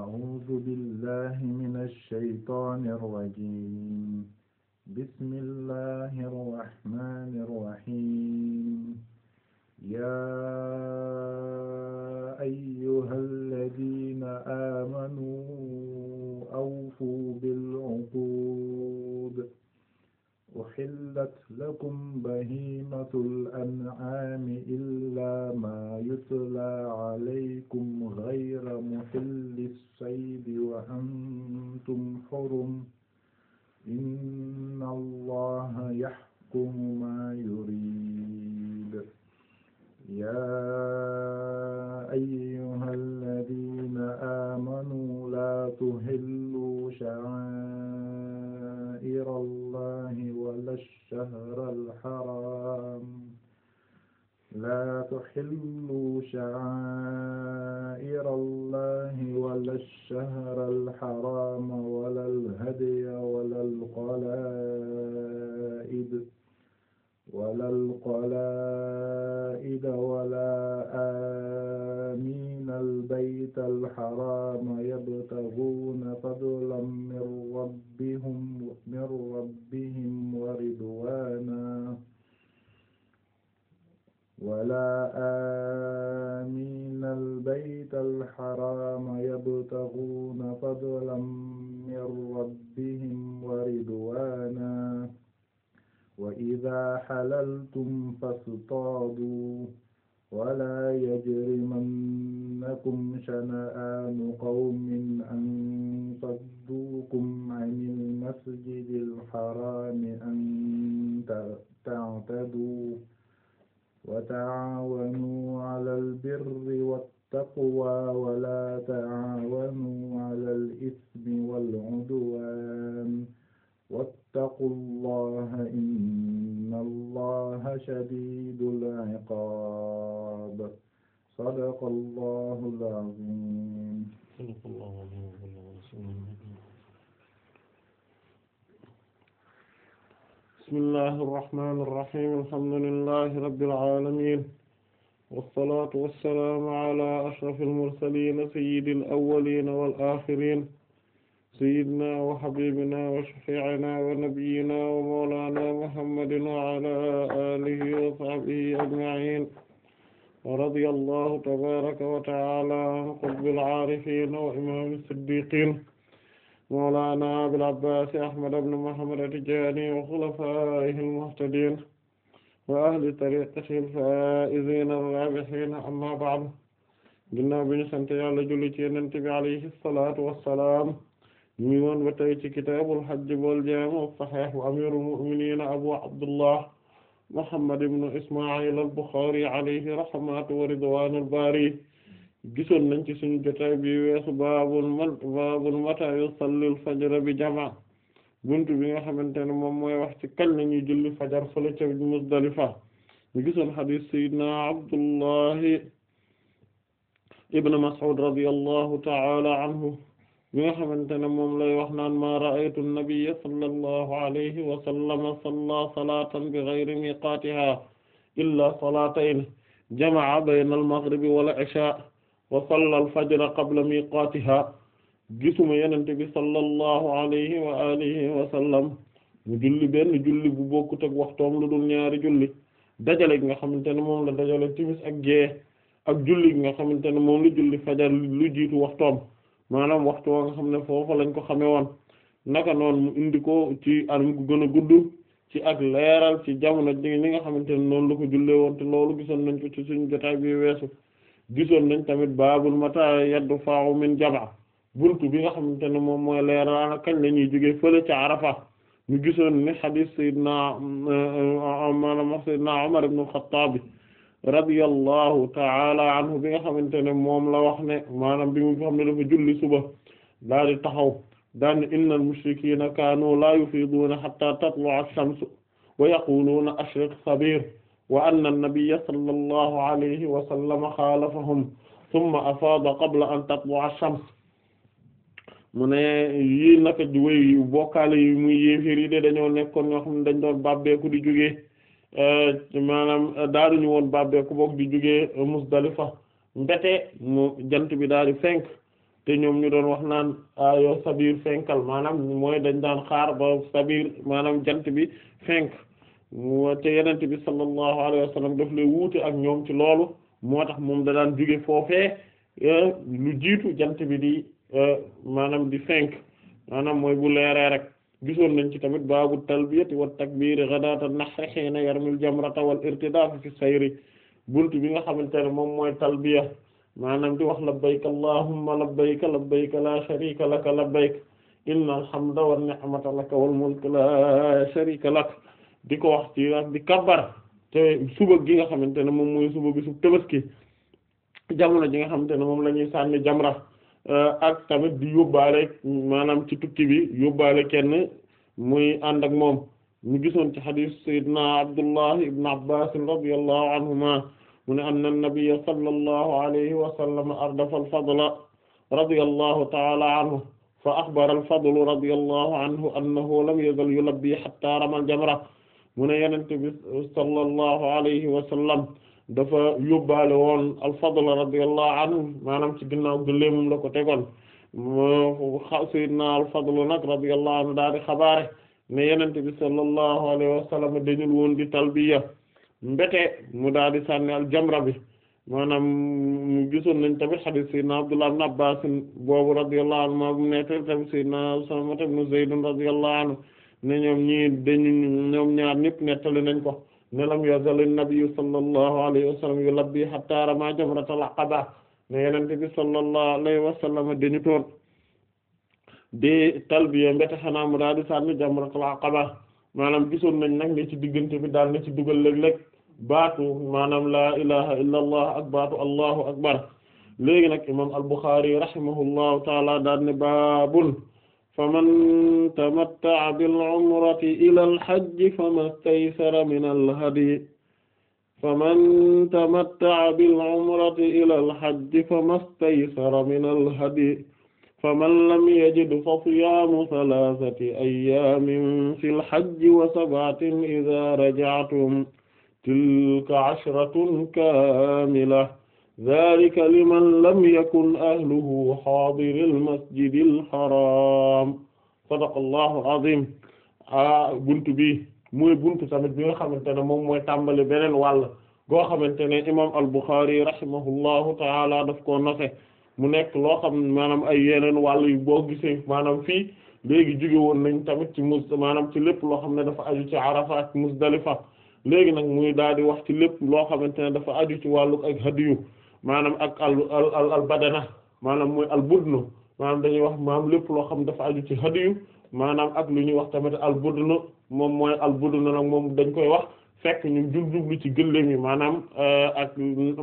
أعوذ بالله من الشيطان الرجيم بسم الله الرحمن الرحيم يا أيها الذين آمنوا أوفوا بالعقود أحلت لكم بهيمة الأنعام إلا ما يتلى عليكم غير محل الصيد وأنتم حرم إن الله يحكم ما يريد يا أيها الذين آمنوا لا تهلوا شعائر الشهر الحرام لا تحلوا شعائر الله ولا الشهر الحرام ولا الهدي ولا القلائد ولا القلائد ولا آمين البيت الحرام يبتغون فضلا من ربهم من ربهم ورضوانا ولا آمين البيت الحرام يبتغون فضلا من ربهم ورضوانا وإذا حللتم فاصطادوا ولا يجرمنكم شنآن قوم أن صدوكم عن المسجد الحرام أن تعتدوا وتعاونوا على البر والتقوى ولا تعاونوا على الإثم والعدوان واتقوا الله إن الله شديد العقاب sadaqallahul aziim bismillahi irrahmani irrahim alhamdulillahi rabbil aalamiin wassalaatu wassalaamu alaa ashrafil mursaliin sayyidil awwaliin wal aaxiriin sayyidinaa wa habiibinaa wa shafii'inaa wa nabiyinaa wa mawlaanaa muhammadin wa alaa aalihi wa sahbihi ajma'iin ورضي الله تبارك وتعالى عن قطب العارفين وإمام الصديقين مولانا أبي العباس أحمد بن محمد التجاني وخلفائه المهتدين وأهل طريقته الفائزين الرابحين أما بعد ginnaaw bi ñu sant Yàlla julli ci Yonent bi alayhi salaatu wassalaam ñu woon ba tey ci kitaabul hajj wal jaami' as-sahiih wa amiirul mu'miniin Abu Abdullah Muhammad ibn Isma'il al-Bukhari alayhi rahmatu wa ridwanu al-bari gisoon nañ ci suñu jotaay bi weesu baabul ma baabul mata yusalli al-fajr bi jamaa buntu bi nga xamante ne moom mooy wax ci kañ lañuy julli fajar fële ca Muzdalifa ñu gisoon hadis sayyidina Abdullahi ibn Mas'ud radiyallahu ta'ala anhu bi nga xamante ne moom lay wax naan ma ra'aytu an-nabiyya sallallahu alayhi wa sallama salla illa salatayn jama'a bayna al-maghribi wal isha wa salla al-fajra qabla miqatiha gisuma yenente bi sallallahu alayhi wa alihi wa sallam mu julli julli bu bokkut ak waxtoom lu dul ñaari julli dajale gi nga xamante ne moom la dajale timis ak gée ak julli gi nga xamante ne moom lu julli fajar lu jiitu waxtoom maanaam waxtu woo nga xam ne foofu lañ ko xamee woon naka noonu mu indi ko ci anam gu gën gudd ci ak leeral ci jamono ji li nga xamante ne noonu la ko jullee woon te loolu gisoon nañ ko ci suñu jotaay bi weesu gisoon nañ tamit baabul mata yaddu faawu min jaba buntu bi nga xamante ne moom mooy leeral kañ la ñuy jógee fële ca Arafa ñu gisoon ne xadiis sayyidna maanaam sayyidna Umar ibn Xattaab bi radiyallahu taala anhu bi nga xamante ne moom la wax ne maanaam bi mu xam ne dafa julli taxaw daan innal mushrikina kaanu la yufiduuna hatta tatlu'a ash-shamsu wa yaquluuna ashriq sabir wa anna an-nabiyya sallallahu alayhi wa sallam xaalafahum thumma afaada qabla an tatlu'a ash mu ne yii naka wéy bokkaale yi muy yéeféer yi de dañoo nekkoon ñoo xam ne dañ doon bàbbeeku di jógee Euh, maanaam euh, daaduñu woon babbe ku bokk di jógee euh, Musdalifa mbete mu jant bi daal di fenk te ñoom ñu doon wax naan ah, yow sabir fenkal maanaam mooy dañ daan xaar ba sabir maanaam jant bi fenk te yenent bi sallallahu alayhi wa sallam daf lay ak ñoom ci loolu moo tax moom da daan jóge foofee lu jiitu jant bi di maanaam di fenk maanaam mooy bu leeree rek gisoon nañ ci tamit baabu talbiyati wa takbiri ghadata nahri hina yarmil jamrata wal irtidaaf fi sayri bunt bi nga xamante ne moom mooy talbiya maanaam di wax labbayka allahumma labbayka labbayka la sharika laka labbayka innal hamda wan ni'mata laka wal mulku la sharika lak di ko wax ci di kabar te suba gi nga xamante ne moom mooy suba bi su tabaski jamono ji nga xamante ne moom la ñuy sànni jamra Euh, ak tamit di yóbbaale maanaam ci tukki bi yóbbaale kenn muy ànd ak moom ñu gisoon ci xadiis sayyidina Abdullah ibn Abbas radiyallahu anhuma mu ne anna nabiyya sallallahu alayhi wa sallam ardafa al-fadla radiyallahu ta'ala anhu fa axbara al-fadlu radiyallahu anhu annahu lam yazal yulabbi hatta rama al-jamra mu ne yonent bi sallallahu alayhi wa sallam dafa yóbbaale woon al-Fadl radiyallahu anhu maanaam ci ginnaaw gëléem la ko tegoon sayyidina al-Fadl nag radiyallahu anhu daal di xabaare ne Yonent bi sallallahu alayhi wa sallam dañul woon di talbiya mbete mu daal di sànni aljamra bi maanaam mu gisoon nañ tamit hadith sayyidina Abdullah ibn Abbas boobu radiyallahu anhu maa mu nekk tamit sayyidina Samata ibn Zayd radiyallahu anhu ne ñoom ñii dañu ñoom ñaar ñëpp nettali nañ ko ne lam yazal nabiyu sallallahu alayhi wa sallam yulabbi hatta rama jamratal aqaba ne yenente bi sallallahu alayhi wa sallam dañu toon de talbiya mbete xanaa mu daal di sànni jamratul aqaba maanaam gisoon nañ nag ne ci diggante bi daal na ci dugal léeg-léeg baatu maanaam laa ilaha illa allah ak baatu allahu akbar léegi nag imam al-Bukhari rahimahullahu taala daal ne baabul faman tamatta'a bil umrati ilal hajji famastaysara minal hadyi faman tamatta'a bil umrati ilal hajji famastaysara minal hadyi faman lam yajid fa siyaamu salaasati ayyaamin fil hajji wa sab'atin idhaa raja'tum tilka 'ashratun kaamilah zaalika liman lam yakun ahluhu haadiril masjidil haraam sadaqallaahu aziim ah buntu bi muy buntu tamit bi nga xamante ne moom mooy tàmbali beneen wàll goo xamante ne imaam al-Bukhari rahimahullahu taala daf koo noté mu nekk loo xam maanaam ay yeneen wàll yu boo gisee maanaam fii léegi jóge woon nañ tamit ci mus maanaam ci lépp loo xam ne dafa aju ci Arafa ak Muzdalifa léegi nag muy daal di wax ci lépp loo xamante ne dafa aju ci wàllug ak hadiyu maanaam ak al al al badana maanaam mooy al budnu maanaam dañuy wax maam lépp loo xam dafa aju ci hadiyu maanaam ak lu ñuy wax tamit al budnu moom mooy al budnu nag moom dañ koy wax fekk ñu jublu ci gëléem yi maanaam euh, ak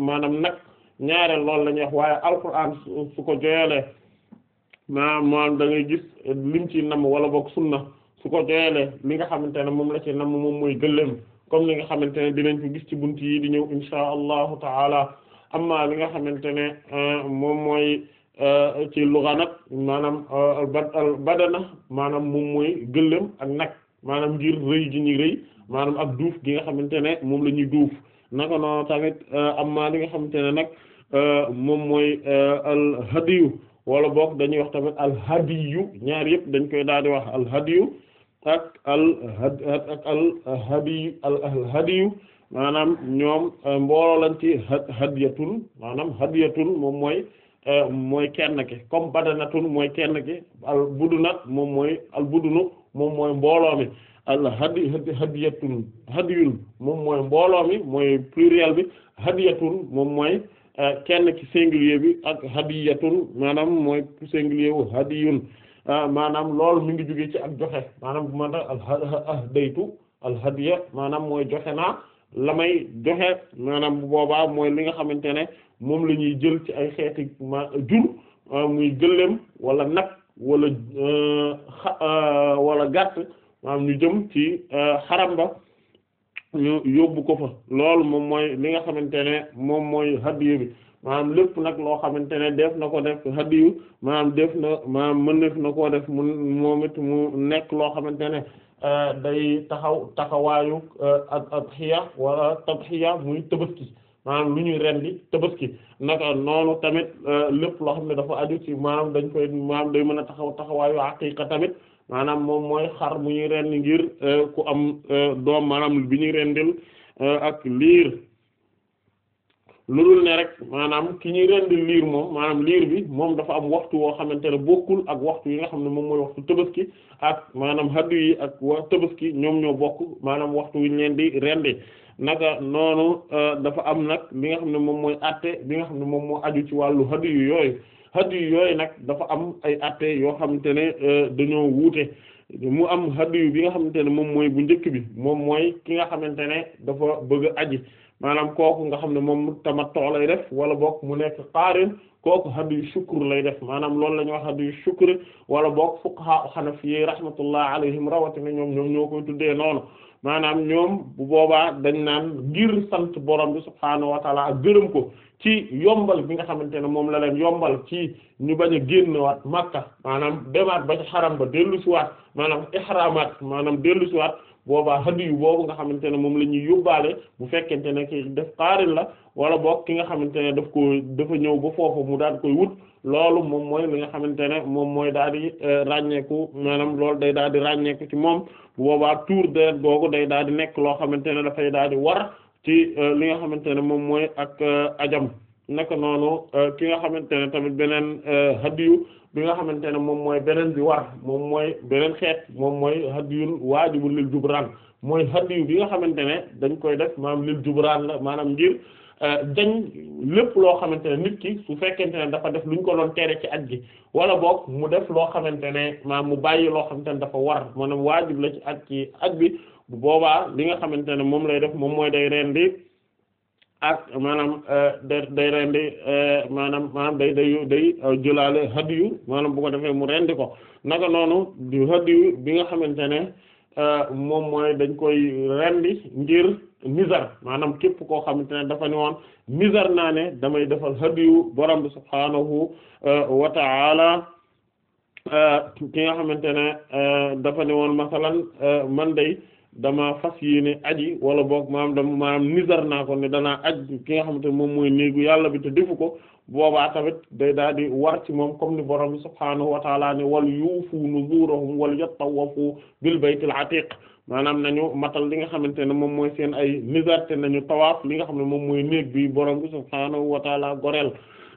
maanaam nag ñaareel loolu la ñuy wax waaye alquran su ko joyalee maanaam maanaam da ngay gis lim ci nam wala boog sunna su ko joyalee li nga xamante ne moom la ci nam moom mooy gëléem comme li nga xamante ne dinañ ko gis ci bunt yi di ñëw insha allahu taala amma li nga xamante ne euh, moom mooy euh, ci luga nag maanaam euh, badana maanaam moom mooy gëléem ak nag maanaam ngir rëy gi ñu rëy maanaam ak duuf gi nga xamante ne moom la ñuy duuf naka noonu tamit amma li nga xamante ne nag moom mooy al hadiyu wala boog dañuy wax tamit al hadiyu ñaar yëpp dañ koy daal di wax al hadiyu ak al had al hadiyu maanaam ñoom euh, mbooloo lañ ci hadiyatun maanaam hadiyatun moom mooy euh, mooy kenn ki comme badanatun mooy kenn ki al buduna moom mooy al budunu moom mooy mbooloo mi al hadi hadiyatun hadiyun moom mi mooy pluriel bi hadiyatun moom mooy euh, kenn ki singulier bi ak hadiyatun maanaam mooy singulier wu hadiyun maanaam lool mi ngi jóge ci ak joxe maanaam bu ma al ahdaytu al hadiya maanaam mooy joxe naa la may joxe maanaam bu boobaa mooy li nga xamante ne moom la ñuy jël ci ay xeeti ma jur euh, muy gëléem wala nag wala euh, euh, wala gàtt maanaam ñu jëm ci xaram ba ñu yóbbu ko fa loolu moom mooy li nga xamante ne moom mooy hadiyu bi maam lépp nag loo xamante ne def na ko def hadiyu maanaam def na maanaam mën na ko def mu moom it mu nekk loo xamante ne day taxaw taxawaayu ak adhiya wala tadhiya muy tabaski maanaam lu ñuy rendi tabaski naka noonu tamit lépp loo xam ne dafa aju ci maanaam dañ koy maanaam day mën a taxaw taxawaayu aqiqa tamit maanaam moom mooy xar mu ñuy rendi ngir ku am doom maanaam bi ñuy rendil ak liir lu dul ne rek maanaam ki ñuy rendi liir moom maanaam liir bi moom dafa am waxtu woo xamante ne bokkul ak waxtu yi nga xam ne moom mooy waxtu tabaski ak maanaam haddu yi ak wa tabaski ñoom ñoo bokk maanaam waxtu wi leen di rendi naka noonu euh, dafa am nag li nga xam ne moom mooy atte bi nga xam ne moom moo aju ci wàllu haddu yu yooyu haddu yu yooyu nag dafa am ay atte yoo xamante ne euh, dañoo wuute mu am haddu yu bi nga xamante ne moom mooy bu njëkk bi moom mooy ki nga xamante ne dafa bëgg a aji maanaam kooku nga xam ne moom tamattu lay def wala boog mu nekk qaarin kooku hadiyu shukr lay def maanaam loolu la ñuy wax hadiyu shukr wala boog fuqaha hanafiyyi rahmatullah alayhim rawatina ñoom ñoom ñoo koy tuddee noonu maanaam ñoom bu boobaa dañ naan ngir sant borom bi subhaanahu wa taala ak gërëm ko ci yombal bi nga xamante ne moom la leen yombal ci ñu bañ a génn waat Makka maanaam demaat ba ci xaram ba dellusiwaat maanaam ihraamaat maanaam dellusiwaat boobaa hadiyu boobu nga xamante ne moom la ñuy yóbbaale bu fekkente ne ki def xaarin la wala boog ki nga xamante ne daf ko dafa ñëw ba foofu mu daal koy wut loolu moom mooy li nga xamante ne moom mooy daal di euh, ràññeeku maanaam loolu day daal di ràññeeku ci moom bu boobaa tuur day daal di nekk loo xamante ne dafay daal di war ci euh, li nga xamante ne moom mooy ak euh, ajam naka noonu ki nga xamante ne tamit beneen hadiyu bi nga xamante ne moom mooy beneen bi war moom mooy beneen xeet moom mooy yu waajibu lil jubraan mooy hadiyu bi nga xamante ne dañ koy def maanaam lil jubraan la maanaam ngir euh, dañ lépp loo xamante ne nit ki su fekkente ne dafa def lu ñu ko loon tere ci at gi wala boog mu def loo xamante ne maam mu bàyyi loo xamante ne dafa war maanaam waajib la ci at ci bi bu boobaa li nga xamante ne moom lay def moom mooy day rendi ak maanaam euh, day rendi euh, maanaam maanaam day day day euh, jëlaale hadiyu maanaam bu ko defee mu rendi ko naka noonu du hadiyu bi nga xamante ne moom mooy dañ koy rendi ngir misar maanaam képp koo xamante ne dafa ni woon misar naa ne damay defal hadiyu borom bi subhaanahu wa ta'ala ki nga xamante ne dafa ni woon masalan man day dama fas yéene aji wala boog maam dama maanaam nizar naa ko ne danaa aj ki nga xamante ne moom mooy néegu yàlla bi te ko boobaa tamit day daal di war ci moom comme ni borom bi subhaanahu wa taala ne wal yuufu nuzurahum wal yattawafu bil baytil atiq maanaam nañu matal li nga xamante ne moom mooy seen ay nizar nañu tawaaf li nga xam ne moom mooy néeg bi borom bi subhaanahu wa taala goreel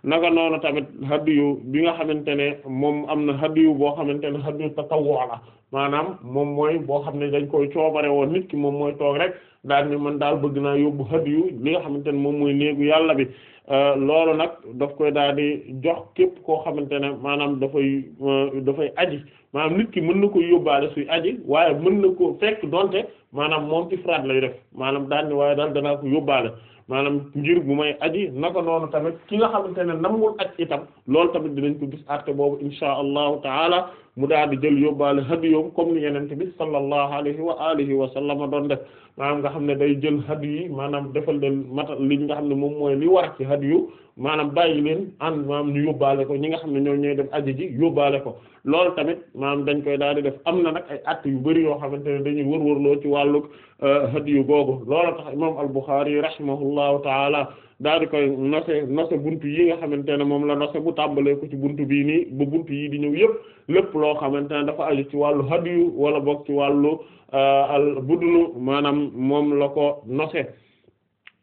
naga noonu tamit hadiyu bi nga xamante ne moom am na hadiyu boo xamante ne hadiyu tatawwu la maanaam moom mooy boo xam ne dañ koy coobare woon nit ki moom mooy toog rek daal ni man daal bëgg naa yóbbu hadiyu li nga xamante ne moom mooy néegu yàlla bi euh, loolu nag daf koy daal di jox képp koo xamante ne maanaam dafay euh, dafay aji maanaam nit ki mën na ko yóbbaale suy aji waaye mën na ko fekk donte maanaam moom ci ifraad lay def maanaam daal ni waaye daal danaa ko yóbbaale maanaam ngir bu may aji naka noonu tamit ki nga xamante ne namul aj itam loolu tamit dinañ ko gis àtte boobu insha allahu taala mu daal di jël yóbbaale hadiyoom comme ni yenente bi sallallahu alayhi wa alihi wa sallama doon def maanaam nga xam ne day jël hadiyu yi maanaam defal leen matal li nga xam ne moom mooy li war ci hadiyu maanaam bàyyi leen ànd maanaam ñu yóbbaale ko ñi nga xam ne ñoom ñooy def aji ji yóbbaale ko loolu tamit maanaam dañ koy daal di def am na nag ay att yu bari yoo xamante ne dañuy wërwërloo ci wàllug euh, hadiyu googu loolu tax imam al-Bukhari rahimahullahu taala daal di koy nose nose buntu yi nga xamante ne moom la nose bu tàmbalee ci bunt bii nii ba buntu yi di ñëw yëpp lépp loo xamante ne dafa aju ci wàllu hadiyu wala boog ci wàllu euh, al budunu maanaam moom la ko nose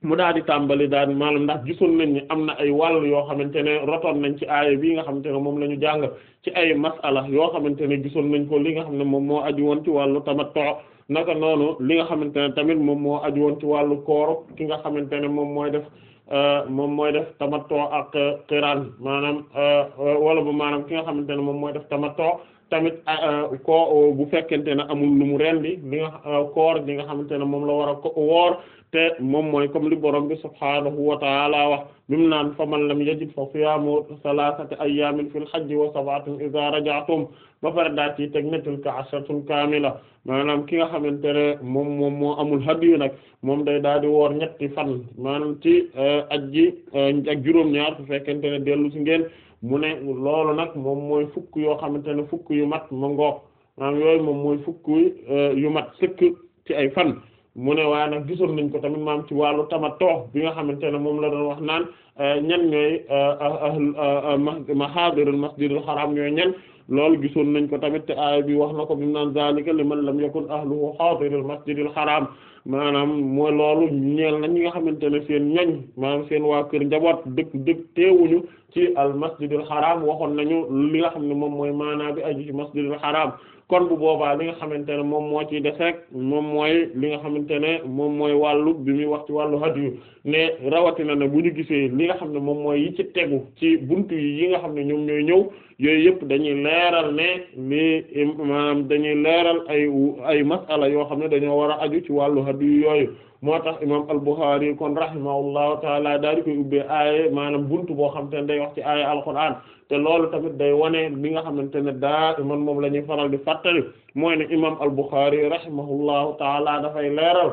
mu daal di tàmbali daal maanaam ndax gisoon nañ ni am na ay wàll yoo xamante ne rotoon nañ ci aaya bii nga xamante ne moom la ñu jàng ci ay masala yoo xamante ne gisoon nañ ko li nga xam ne moom moo aju woon ci wàllu tamattu naka noonu li nga xamante ne tamit moom moo aju woon ci wàllu koor ki nga xamante ne moom mooy def Euh, moom mooy def tamattu ak xiraan maanaam euh, euh, wala bu maanaam ki nga xamante ne moom mooy def tamattu tamit ah, ah, ko oh, bu fekkente ne amul lu mu rendi li nga ah, koor li nga xamante ne moom la war a ko woor te moom mooy comme li borom bi subhaanahu wa ta'ala wax bi mu naan faman lam yajid fa siyaamu salaasati ayyaamin fil hajji wa sab'atin idhaa raja'tum ba pare daa ci teg ne tilka ashatun kaamila maanaam ki nga xamante ne moom moom moo amul hadiyu nag moom day daal di woor ñetti fan maanaam ci eh, aj ji eh, ak juróom-ñaar su fekkente ne dellu si ngeen mu ne loolu nag moom mooy fukk yoo xamante ne fukk yu mat ma ngoog yooyu moom mooy fukk euh, yu mat sëkk ci ay fan mu ne waaye nag gisoon nañ ko tamit maam ci wàllu tamatoo bi nga xamante ne moom la doon wax naan euh, ñan ñooy euh, ah, ah, mahaadirul masjidil haram ñooy ñan loolu gisoon nañ ko tamit te aaya bi wax na ko bi mu naan zalika liman lam yakun ahluhu haadirul masjidil haram maanaam mooy loolu ñeel na nga xamante ne seen ñañ maanaam seen waa kër njaboot dëkk dëkk teewuñu ci al masjidil xaraam waxoon nañu li nga xam ne moom mooy maanaa bi aju ci masjidil xaraam kon bu boobaa li nga xamante ne moom moo ci des rek moom mooy li nga xamante ne moom mooy wàllu bi muy wax ci wàllu hadiyu ne rawatina ne bu ñu gisee li nga xam ne moom mooy yi ci tegu ci bunt yi yi nga xam ne ñoom ñooy ñëw yooyu yëpp dañuy leeral ne li maanaam dañuy leeral ay ay masala yoo xam ne dañoo war a aju ci wàllu hadiyu yooyu moo tax imam al-Bukhari kon rahimahullahu taala daal di koy ubbee aaye maanaam buntu boo xam te ne day wax ci aaye alquran te loolu tamit day wane li nga xamante ne daa man moom la ñuy faral di fàttali mooy ne imam al-Bukhari rahimahullahu taala dafay leeral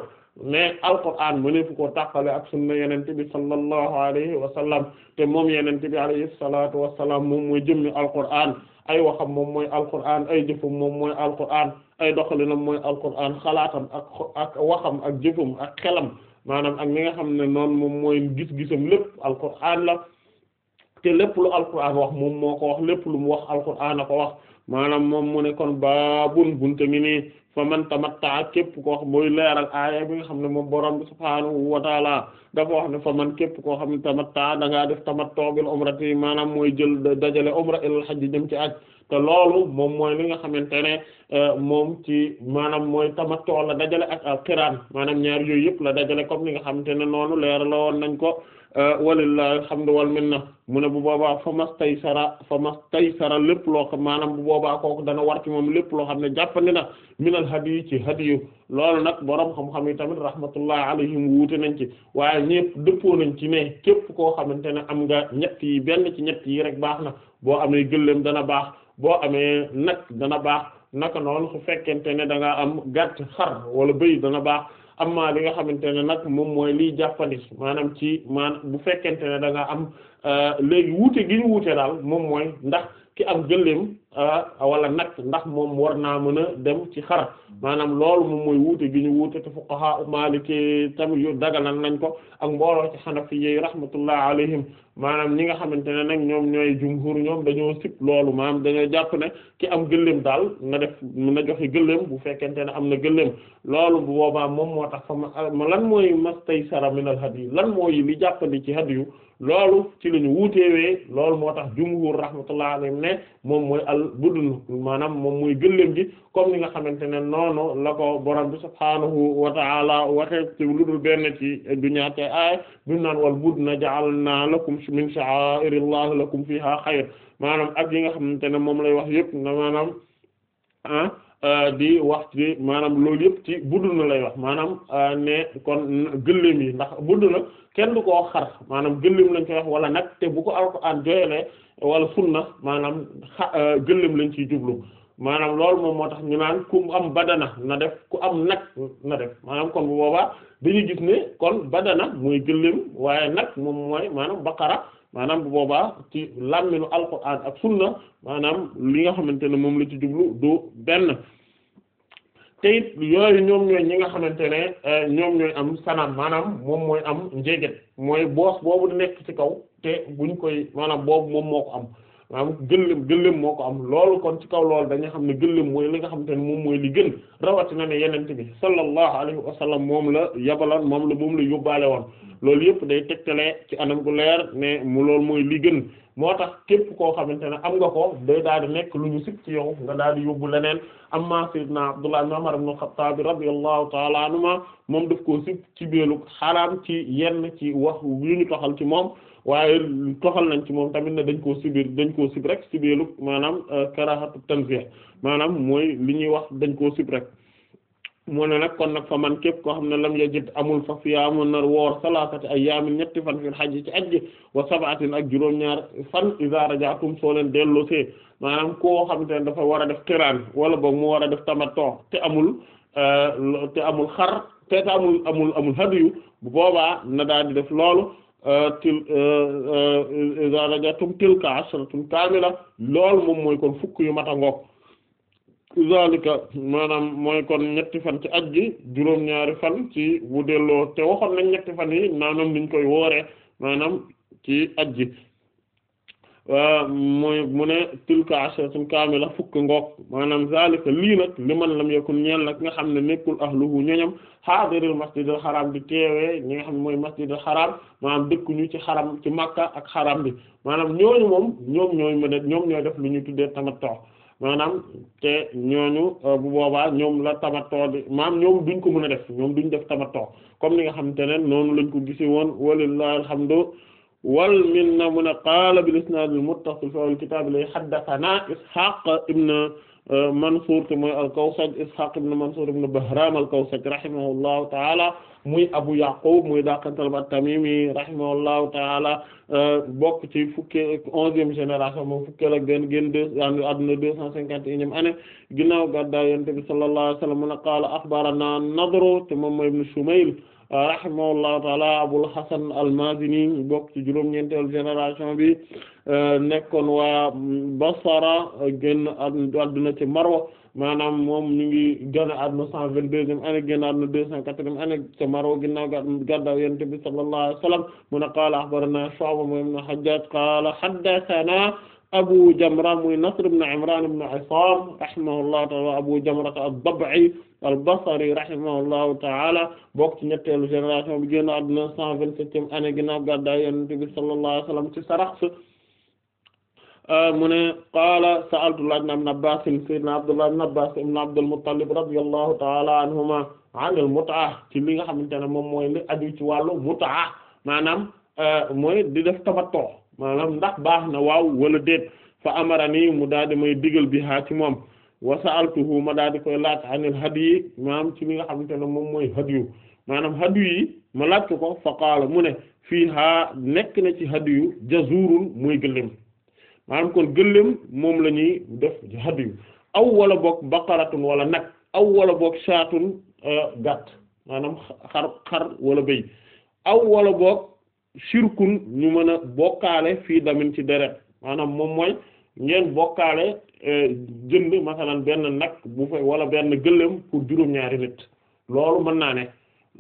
mais alquran mëneefu koo tàqale ak sunna yenente bi sallallahu alayhi wa sallam te moom yenente bi alayhi salatu wa salaam moom mooy jëmmi alquran ay waxam moom mooy alquran ay jëfam moom mooy alquran ay doxalinam mooy alquran xalaatam ak ak waxam ak jëfam ak xelam maanaam ak li nga xam ne noonu moom mooy gis-gisam lépp alquran la te lépp lu alquran wax moom moo ko wax lépp lu mu wax alquran a ko wax maanaam moom mu ne kon baabun bunte mi nii fa man tamatta képp koo xam mooy leeral aaya bi nga xam ne moom borom bi subhaanahu wa taala dafa wax ne fa man képp koo xam ne tamatta da ngaa def tamattoo bil umrati maanaam mooy jël dajale umra ilal hajj dem ci aj te loolu moom mooy li nga xamante ne euh, moom ci maanaam mooy tamattu la dajale ak al qiraan maanaam ñaar yooyu yëpp la dajale comme li nga xamante ne noonu leer la woon nañ ko euh, walillahi alhamdu wal minna mu ne bu boobaa fa mastaysara fa mastaysara lépp loo xam maanaam bu boobaa kooku dana war ci moom lépp loo xam ne jàppandi na minal hadiyu ci hadiyu loolu nag boroom xam-xam yi tamit rahmatullahi alayhim wuute nañ ci waaye ñépp dëppoo nañ ci ne képp koo xamante ne am nga ñett yi benn ci ñett yi rek baax na boo amee gëléem dana baax boo amee nag dana baax naka noonu su fekkente ne da nga am gàtt xar wala bëy dana baax amma li nga xamante ne nag moom mooy liy jàppandi maanaam ci maanaam bu fekkente ne da nga am euh, léegi wuute gi ñu wuute daal moom mooy ndax ki am gëléem ah, wala nag ndax moom war naa mën a dem ci xar maanaam loolu moom mooy wuute gi ñu wuute te fuqaha maliki tamit yu daganal nañ ko ak mbooloo ci xanafi yi rahmatullah alayhim maanaam ñi nga xamante ne nag ñoom ñooy jumhur ñoom dañoo sip loolu maanaam dañoo jàpp ne ki am gëléem daal nga def na joxe gëléem bu fekkente ne am na gëléem loolu bu boobaa moom moo tax fa ma lan mooy mastaysara min al hadi lan mooy li jàppandi ci hadiyu loolu ci la ñu loolu moo tax jumhur rahmatullah alayhi ne moom mooy al budul maanaam moom mooy gëléem gi comme ni nga xamante ne noonu la ko borom bi subhaanahu wa ta'ala waxee ci lu dul benn ci du ñaate aay bimu naan wal budna ja'alna lakum min sha'a'irillahi lakum fiha xayr maanaam ak yi nga xamante ne moom lay wax yëpp na maanaam ah Euh, di wax ci maanaam loolu yëpp ci budd na lay wax maanaam euh, ne kon gëléem yi ndax budd na kenn du ko wax xar maanaam gëléem lañ ko wax wala nag te bu ko alxuraan jooyalee wala na maanaam xa euh, gëléem lañ ciy jublu maanaam loolu moom moo tax ñu naan ku am badana na na def ku am nag na def maanaam kon bu boobaa dañuy gis ne kon badana mooy gëléem waaye nag moom mooy maanaam baqara maanaam bu boobaa ci làmmiñu alquran ak sunna maanaam li nga xamante ne moom la ci jublu du benn te it yooyu ñoom ñooy ñi nga xamante ne euh, ñoom ñooy am sanam maanaam moom mooy am njéget mooy boos boobu nekk ci kaw te buñ koy maanaam boobu moom moo ko am maanaam gëléem gëléem moo ko am loolu kon ci kaw lool dañu xam ne gëléem mooy li nga xamante ne moom mooy li gën rawatina ne yenente bi sallallahu alayhi wa sallam moom la yabalan moom la moom la yóbbaale woon loolu yëpp day tegtale ci anam gu leer ne mu loolu mooy li moo tax képp koo xamante ne am nga ko day daal di nekk lu ñu sib ci yow nga daal di yóbbu leneen amma sayyidna Abdullah ibn Umar ibn Khattab radiyallahu ta'ala anhuma moom def ko sib ci béelu xaraam ci yenn ci wax yu ñu toxal ci moom waaye toxal nañ ci moom tamit na dañ koo sibir dañ koo sib rek sibilu maanaam euh, tam tanzih maanaam mooy li ñuy wax dañ koo sib rek moo ne nag kon nag fa man képp koo xam ne lam yajid amul fa siyaamu nar woor salaasati ayyaamin ñetti fan fil hajj ci aj ajj wa sab'atin ak juróom-ñaar fan iza raja'tum soo leen delloosee maanaam koo xam ne dafa war a def qiraan wala boog mu war a def tamattu te amul euh, te amul xar te te amul amul amul hadiyu bu boobaa na daal def loolu til iza eh, eh, eh, raja'tum tilka asratun kaamila loolu moom mooy kon fukk yu mat a ngoog zalika maanaam mooy kon ñetti fan ci aj gi juróom-ñaari fan ci bu delloo te waxoon nañ ñetti fan yi maanaam niñ koy wooree maanaam ci aj gi mooy mu ne tilka asharatun kaamila fukk ngoog maanaam zalika lii nag li man lam yakun ñeel nag nga xam ne nekkul ahluhu ñoñam haadiril masjidil xaram di teewee ñi nga xam ne mooy masjidil xaram maanaam dëkkuñu ci xaram ci makka ak xaram bi maanaam ñooñu moom ñoom ñooñu mën a ñoom ñooy def lu ñu tuddee tamattu maanaam te ñooñu euh, bu boobaa ñoom la tamattu di maanaam ñoom duñ ko mën a def ñoom duñ def tamattu comme ni nga xamante ne noonu lañ ko gisee woon walillahi alhamdu wal minna mu ne qaala bil isnaad al muttasil fi kitaab li haddathanaa Ishaaq ibn e, Mansuur te mooy al-Kawsaj Ishaaq ibn Mansuur ibn Bahraam al-Kawsaj rahimahullahu ta'ala muy Abu Yaqub muy daqantal at-Tamimi rahimahullahu ta'ala e, bokk ci fukki onzième génération moom fukkeel ak benn génn deux àdduna deux cent cinquante et unième année ginnaaw gàddaay Yonent bi sallallahu alayhi wa sallam mu ne qaala akhbaranaa Nadr te moom mooy ibn Shumayl rahimahullahu taala Abul Hasan al-Mazini bokk ci juróom-ñeenteelu génération bi euh, nekkoon waa Basra génn àdduna ci Marwa maanaam moom ñu ngi génn àdduna cent vingt-deuxième année génn àdduna deux cent quatrième année ci Marwa ginnaaw gàddaay Yonent bi sallallahu alayhi wa sallam mu ne qaala akhbaranaa Shu'ba ibn Hajjaaj qaala haddathanaa Abu Jamra muy Nasr ibn Imran ibn Hisam rahimahullahu ta'ala Abu Jamra ad-Dab'i al-Basri rahimahullahu ta'ala bokk ci ñetteelu génération bi génn àdduna cent vingt-septième année ginnaaw gàddaay Yonent bi sallallahu alayhi wa sallam ci Saraxs euh, mu ne qaala sa'altu laajna ibn Abbas sayyidina Abdullah ibn Abbas ibn Abdul Muttalib radiyallahu ta'ala anhuma 'an al-mut'a ci li nga xamante ne moom mooy li aju ci wàllu mut'a maanaam euh, mooy di def tamattu maanaam ndax baax na waaw wala déet fa amara nii mu daal di may digal bi haa ci moom wa sa'altuhu ma daal di koy laaj anil hadyi maanaam ci li nga xam xamante ne moom mooy hadyu maanaam hadyu yi ma laaj ko fa qaala mu ne fii haa nekk na ci hadyu jazurun muy gëléem maanaam kon gëléem moom la ñuy def hadyu aw wala boog baqaratun wala nag aw wala boog saatun euh, gàtt maanaam xar xar wala béy aw wala boog shirkun ñu mën a bokkaale fii damin ci deret maanaam moom mooy ngeen bokkaale eh, jënd masalan benn nag bu fay wala benn gëléem pour juróom-ñaari nit loolu mën naa ne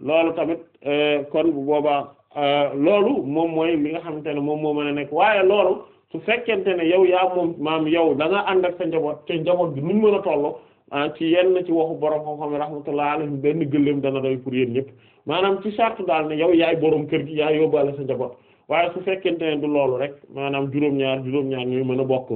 loolu tamit eh, kon bu boobaa eh, loolu moom mooy li nga xamante ne moom moo mën a nekk waaye loolu su fekkente ne yow yaa moom maam yow da nga ànd ak sa njaboot te njaboot bi nuñ mën a tolloo Ah, ci yenn ci waxu borom ko xam ne rahmatullah alayhi benn gëléem dana doy pour yéen ñëpp maanaam ci sartu daal na yow yaay borom kër gi yaay yóbbaale sa njaboot waaye su fekkente ne du loolu rek maanaam juróom-ñaar juróom-ñaar ñooy mën a bokk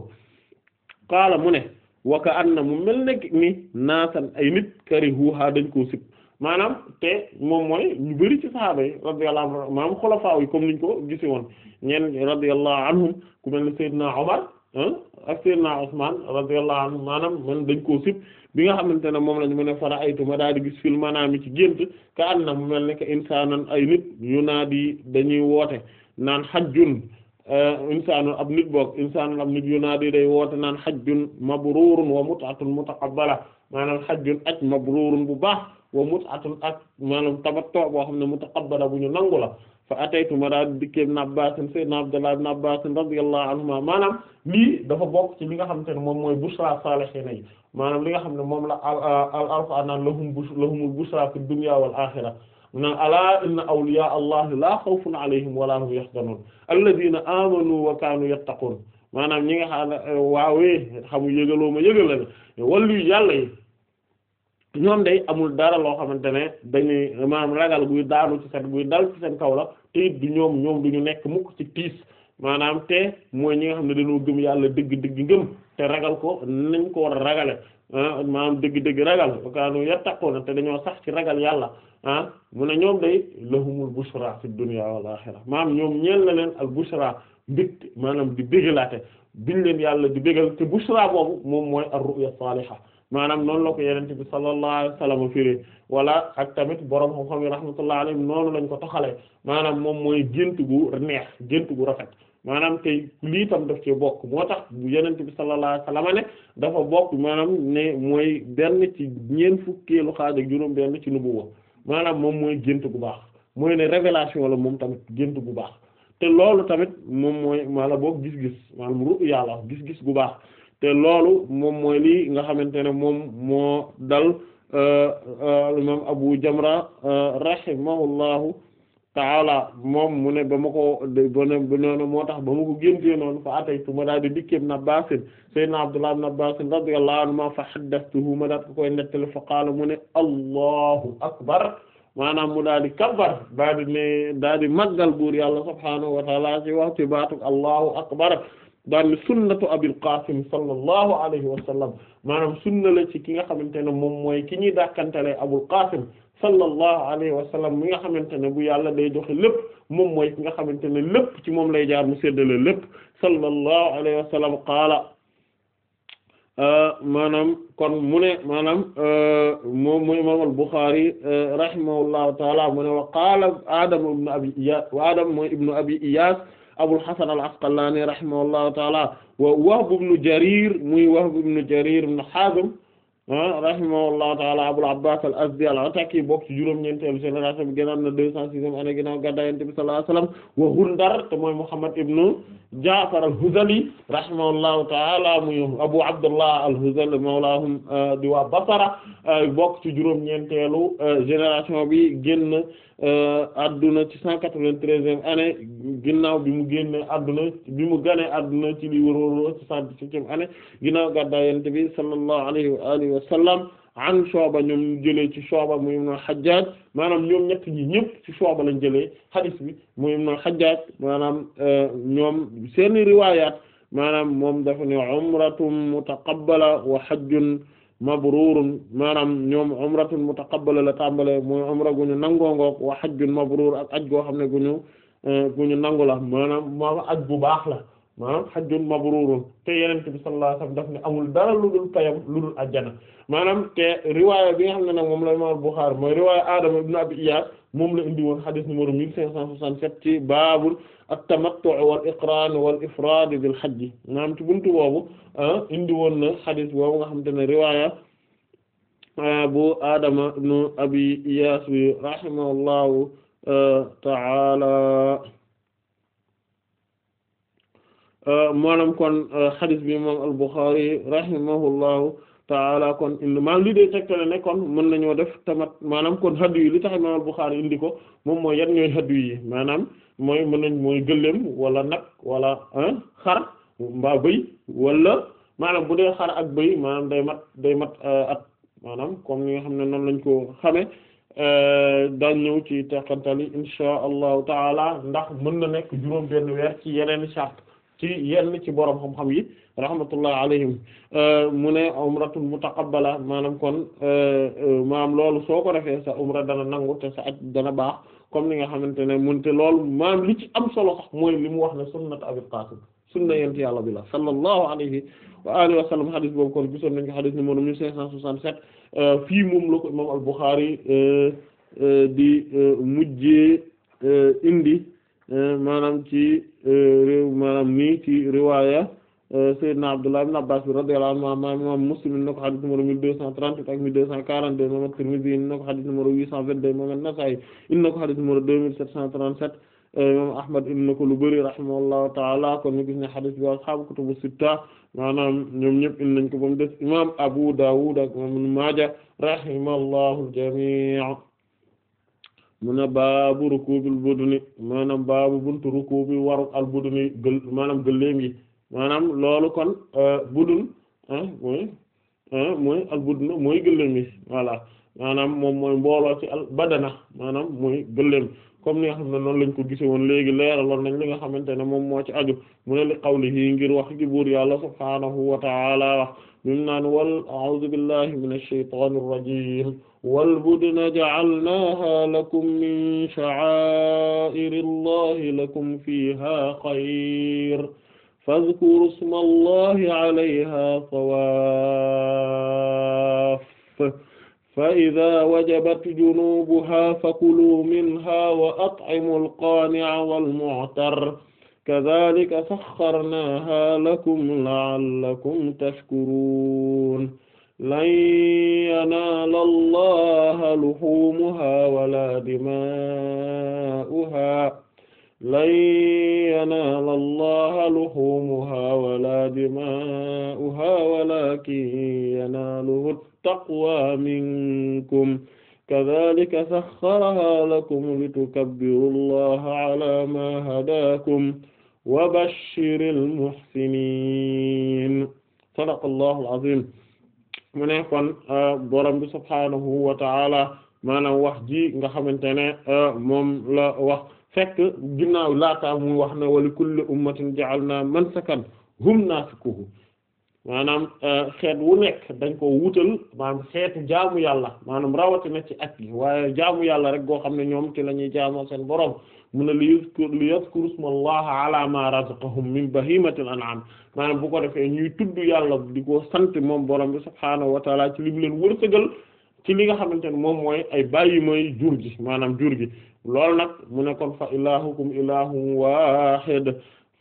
xaala mu ne waka an na mu mel ne ni naasan ay nit karihuha dañ koo sib maanaam te moom mooy ñu bari ci sahaaba yi radiyallahu anhum maanaam xulafaa yi comme niñ ko gisi woon ñen radiyallahu ku mel ne Seydina Omar ah, ak Seydina Usman radiyallahu anhum maanaam man dañ koo sib bi nga xam ne moom lañ mu ne fara aytu ma daal di gis fil maanaam ci gént ka ànd na mu mel ne que insaanan ay nit yu naa di dañuy woote naan xajjun euh, insaanun ab nit boog insaanun ab nit yu naa di day woote naan xajjun mabrurun wa mut'atun mutaqabbala maanaam xajjun aj mabrurun bu baax wa mut'atun ak maanaam tamattu boo xam ne mutaqabbala bu ñu nangu la fa ataytu ma daal dikkee ibn Abbas sayyidna Abdullah ibn Abbas radiyallahu anhuma maanaam lii dafa bokk ci li nga xamante ne moom mooy bushra saalihiina yi maanaam li nga xam ne moom la al alquraan naan lahum bush lahumul bushra fid dunya wal aaxira naan alaa inna awliyaa allahi laa xawfun alayhim wa laa hum yahzanuun alladhiina aamanuu wa kaanuu yattaquun maanaam ñi xam ne eh, waawee xamu yëgaloo ma yëgalal yàlla yi. ñoom day amul dara loo xamante ne dañuy maanaam ragal guy daanu ci seen guy dal ci seen kaw la te it du ñoom ñoom du ñu nekk mukk ci tiis maanaam te mooy ñi nga xam ne dañoo gëm yàlla dëgg-dëgg ngëm te ragal ko nañ ko war a ragale ah, maanaam dëgg-dëgg ragal kaanu yattaquna te dañoo sax ci ragal yàlla ah mu ne ñoom day lahumul bushra fi dunya wal akhirah maanaam ñoom ñeel ak bushra mbégte maanaam di bégalaate biñ leen yàlla di bégal te bushra boobu moom mooy ar-ru'ya salihah maanaam noonu la ko yenente bi sallallahu alayhi wa sallam firi wala ak tamit borom xam-xam yi rahmatullahi alayhim noonu lañ ko taxalee maanaam moom mooy gént gu neex gént gu rafet maanaam tey lii tam daf cee bokk moo tax yenente bi sallallahu alayhi wa ne dafa bokk maanaam ne mooy benn ci ñeent fukkeelu xaaj ak juróom benn ci nubuwa maanaam moom mooy gént gu baax mooy ne révélation la moom tamit gént gu baax te loolu tamit moom mooy mala boog gis-gis maanaam ru'ya la gis-gis gu baax te loolu moom mooy lii nga xamante ne moom moo dal euh, euh, imam Abu Jamra euh, rahimahullahu taala moom mu ne ba ma ko ba noonu moo tax ba ma ko géntee noonu fa ataytu ma daal di dikkee Ibn Abbas sayyidina Abdullah ibn Abbas radiyallahu anhuma fa haddathtuhu ma daal ko koy nettali fa qaala mu ne allahu akbar maanaam mu daal di kabbar daal di ne daal di màggal buur yàlla subhaanahu allahu akbar daal ni sunnatu abil qasim sallallahu alayhi wa sallam maanaam sunna la ci ki nga xamante ne moom mooy ki ñuy dàkkantele abul qasim sallallahu alayhi wa sallam mi nga xamante ne bu yàlla day joxe lépp moom mooy ki nga xamante ne lépp ci moom lay jaar mu séddale lépp sallallahu alayhi wa sallam qaala euh, maanaam kon mu ne maanaam euh, moom mu imam al-Bukhari euh, rahimahullahu taala mu ne wa qaala Adam ibnu abi Iyaas wa Adam mooy Iyaas Abul Hasan al-Asqalani rahimahullahu taala wa Wahb ibn Jarir muy Wahb ibn Jarir ibn Hazm rahimahullahu taala Abul Abbas al-Azdi al-Ataki bokk ci juróom-ñeenteelu génération bi gënaat na deux cent sixième année ginnaaw gàddaay Yonent bi sallallahu alayhi wasallam wa Gundar te mooy Muhammad ibn Jaafar al-Huzali rahimahullahu ta'ala muy Abu Abdullah al-Huzali mawlahum euh, di waa Basra euh, bokk ci juróom-ñeenteelu euh, génération bi génn adduna ci cent quatre-vingt-treizième année ginnaaw bi mu génn adduna bi mu ganee adduna ci li wër wër ci cent dix-septième année ginnaaw gàddaay Yonent bi sallallahu alayhi wa an Shu'ba ñoom jëlee ci Shu'ba muy ibn al-Hajjaj maanaam ñoom ñett ñi ñëpp ci Shu'ba lañ jëlee hadith bi muy ibn al-Hajjaj maanaam euh, ñoom seeni riwaayaat maanaam moom dafa ne umratun mutaqabbala wa hajjun mabrurun maanaam ñoom umratun mutaqabbala la tàmbale mooy umra gu ñu nangoo ngoog wa hajjun mabrur ak aj goo xam ne gu ñu euh, gu ñu nangu la maanaam moom aj bu baax la maanaam hajjun mabrurun te bi sallallahu alayhi wasallam daf ne amul dara lu dul payam lu dul ajjana maanaam te riwaaya bi nga xam ne nag moom la imam Bukhari mooy riwaaya Adama ibn Abi Iyas moom la indi woon hadith numéro mille cinq cent soixante-sept baabul at-tamattu' wal iqran wal ifrad bil hajj maanaam ci buntu boobu ah, indi woon na hadith boobu nga xam ne riwaaya ah, bu Adama ibn Abi Iyas bi rahimahullahu ah, ta'ala Euh, maanaam kon euh, xadis bi moom al-Bukhari rahimahullahu kon indi maanaam lii dee tegtale ne nekkoon mën nañoo def tamat maanaam kon haddu yi li tax imaam al-Bukhari indi ko moom mooy yan ñooy haddu yi maanaam mooy mën nañ mooy gëléem wala nag wala xar mbaa bëy wala maanaam bu dee xar ak bëy maanaam day mat day mat euh, at maanaam comme ni nga xam ne noonu lañ ko xamee daañ ñëw ci teqantali insha allahu taala ndax mën na nekk juróom benn weer ci yeneen charte ci yenn ci borom xam-xam yi rahmatullah alayhim euh, mu ne umratun mutaqabbala maanaam kon euh, euh, maanaam loolu soo ko defee sa umra dana nangu te sa aj dana baax comme ni nga xamante ne mun te lool maanaam li ci am solo sax mooy li mu wax ne sunnat Abil Qaasim sunna yent yàlla bi la sallallahu alayhi wa alihi wa sallam xadis boobu kon gisoon nañ ko xadis numéro mille cinq cent fii moom la ko imam al-Bukhari di mujjee indi maanaam ci réew maanaam nii ci riwaaya euh, Seydina Abdullah ibn Abbas bi radiyallahu anhu imam Muslim na ko xadis numéro mille deux cent trente-huit deux cent quarante-deux imam Tirmidhi na ko xadis numéro huit cent vingt-deux imam Nasa'i na ko xadis numéro cent trente-sept euh, imam Ahmad indi na ko lu bari ta'ala kon ñu gis ne xadis bi ashaabu kutubu sitta maanaam ñoom ñëpp indi nañ ko ba mu des imam Abu Dawud ak imam Maaja rahimahullahu al-jami' mu ne baabu rukubil budni maanaam baabu buntu rukubi waru al budni gël maanaam gëléem yi maanaam loolu kon euh, budun mooy mooy al budnu mooy gëléem yi voilà maanaam moom mooy mbooloo ci al badana maanaam mooy gëléem comme ni nga xam ne noonu lañ ko gise woon léegi leeraloon nañ li nga xamante ne moom moo ci aju mu ne li qawlihi ngir wax gi buur yàlla subhaanahu wa ta'ala wax mim naan wal a'uudu billahi minash shaytaanir rajiim wal budna ja'alnaahaa lakum min sha'aa'irillahi lakum fiihaa xayr fadhkuru isma allahi alayhaa sawaaf fa idaa wajabat junuubuhaa fakuluu minhaa wa at'imul qaani'a wal mu'tar kazaalika saxxarnaahaa lakum la'allakum tashkuruun lan yanaala Allaaha luhuumuhaa walaa dimaa'uhaa lan yanaala Allaaha luhuumuhaa walaa dimaa'uhaa walaakin yanaaluhu taqwa minkum kadhalika sakhkharaha lakum litukabbiru allaha ala ma hadakum wa bashiril muhsinin sadaqallahu alazim mu ne kon euh, borom bi subhanahu wa ta'ala maanaam wax ji nga xamante ne euh, moom la wax fekk ginnaaw laataa muy wax ne wa li kulli ummatin ja'alna mansakan hum naasikuhu maanaam euh, xeet wu nekk dañ ko wutal maanaam xeetu jaamu yàlla maanaam rawatina ci at waaye jaamu yàlla rek goo xam ne ñoom ci la ñuy jaamoo seen borom mu ne li yuzkur li yazkuru smallaha ala ma razaqahum min bahimatil an'am maanaam bu ko defee ñuy tudd yàlla di ko sant moom borom bi subhaanahu wa taala ci li mu leen wërsëgal ci li nga xamante ne moom mooy ay bàyyi mooy jur gi maanaam jur gi loolu nag mu ne kon fa ilahukum ilahun wahid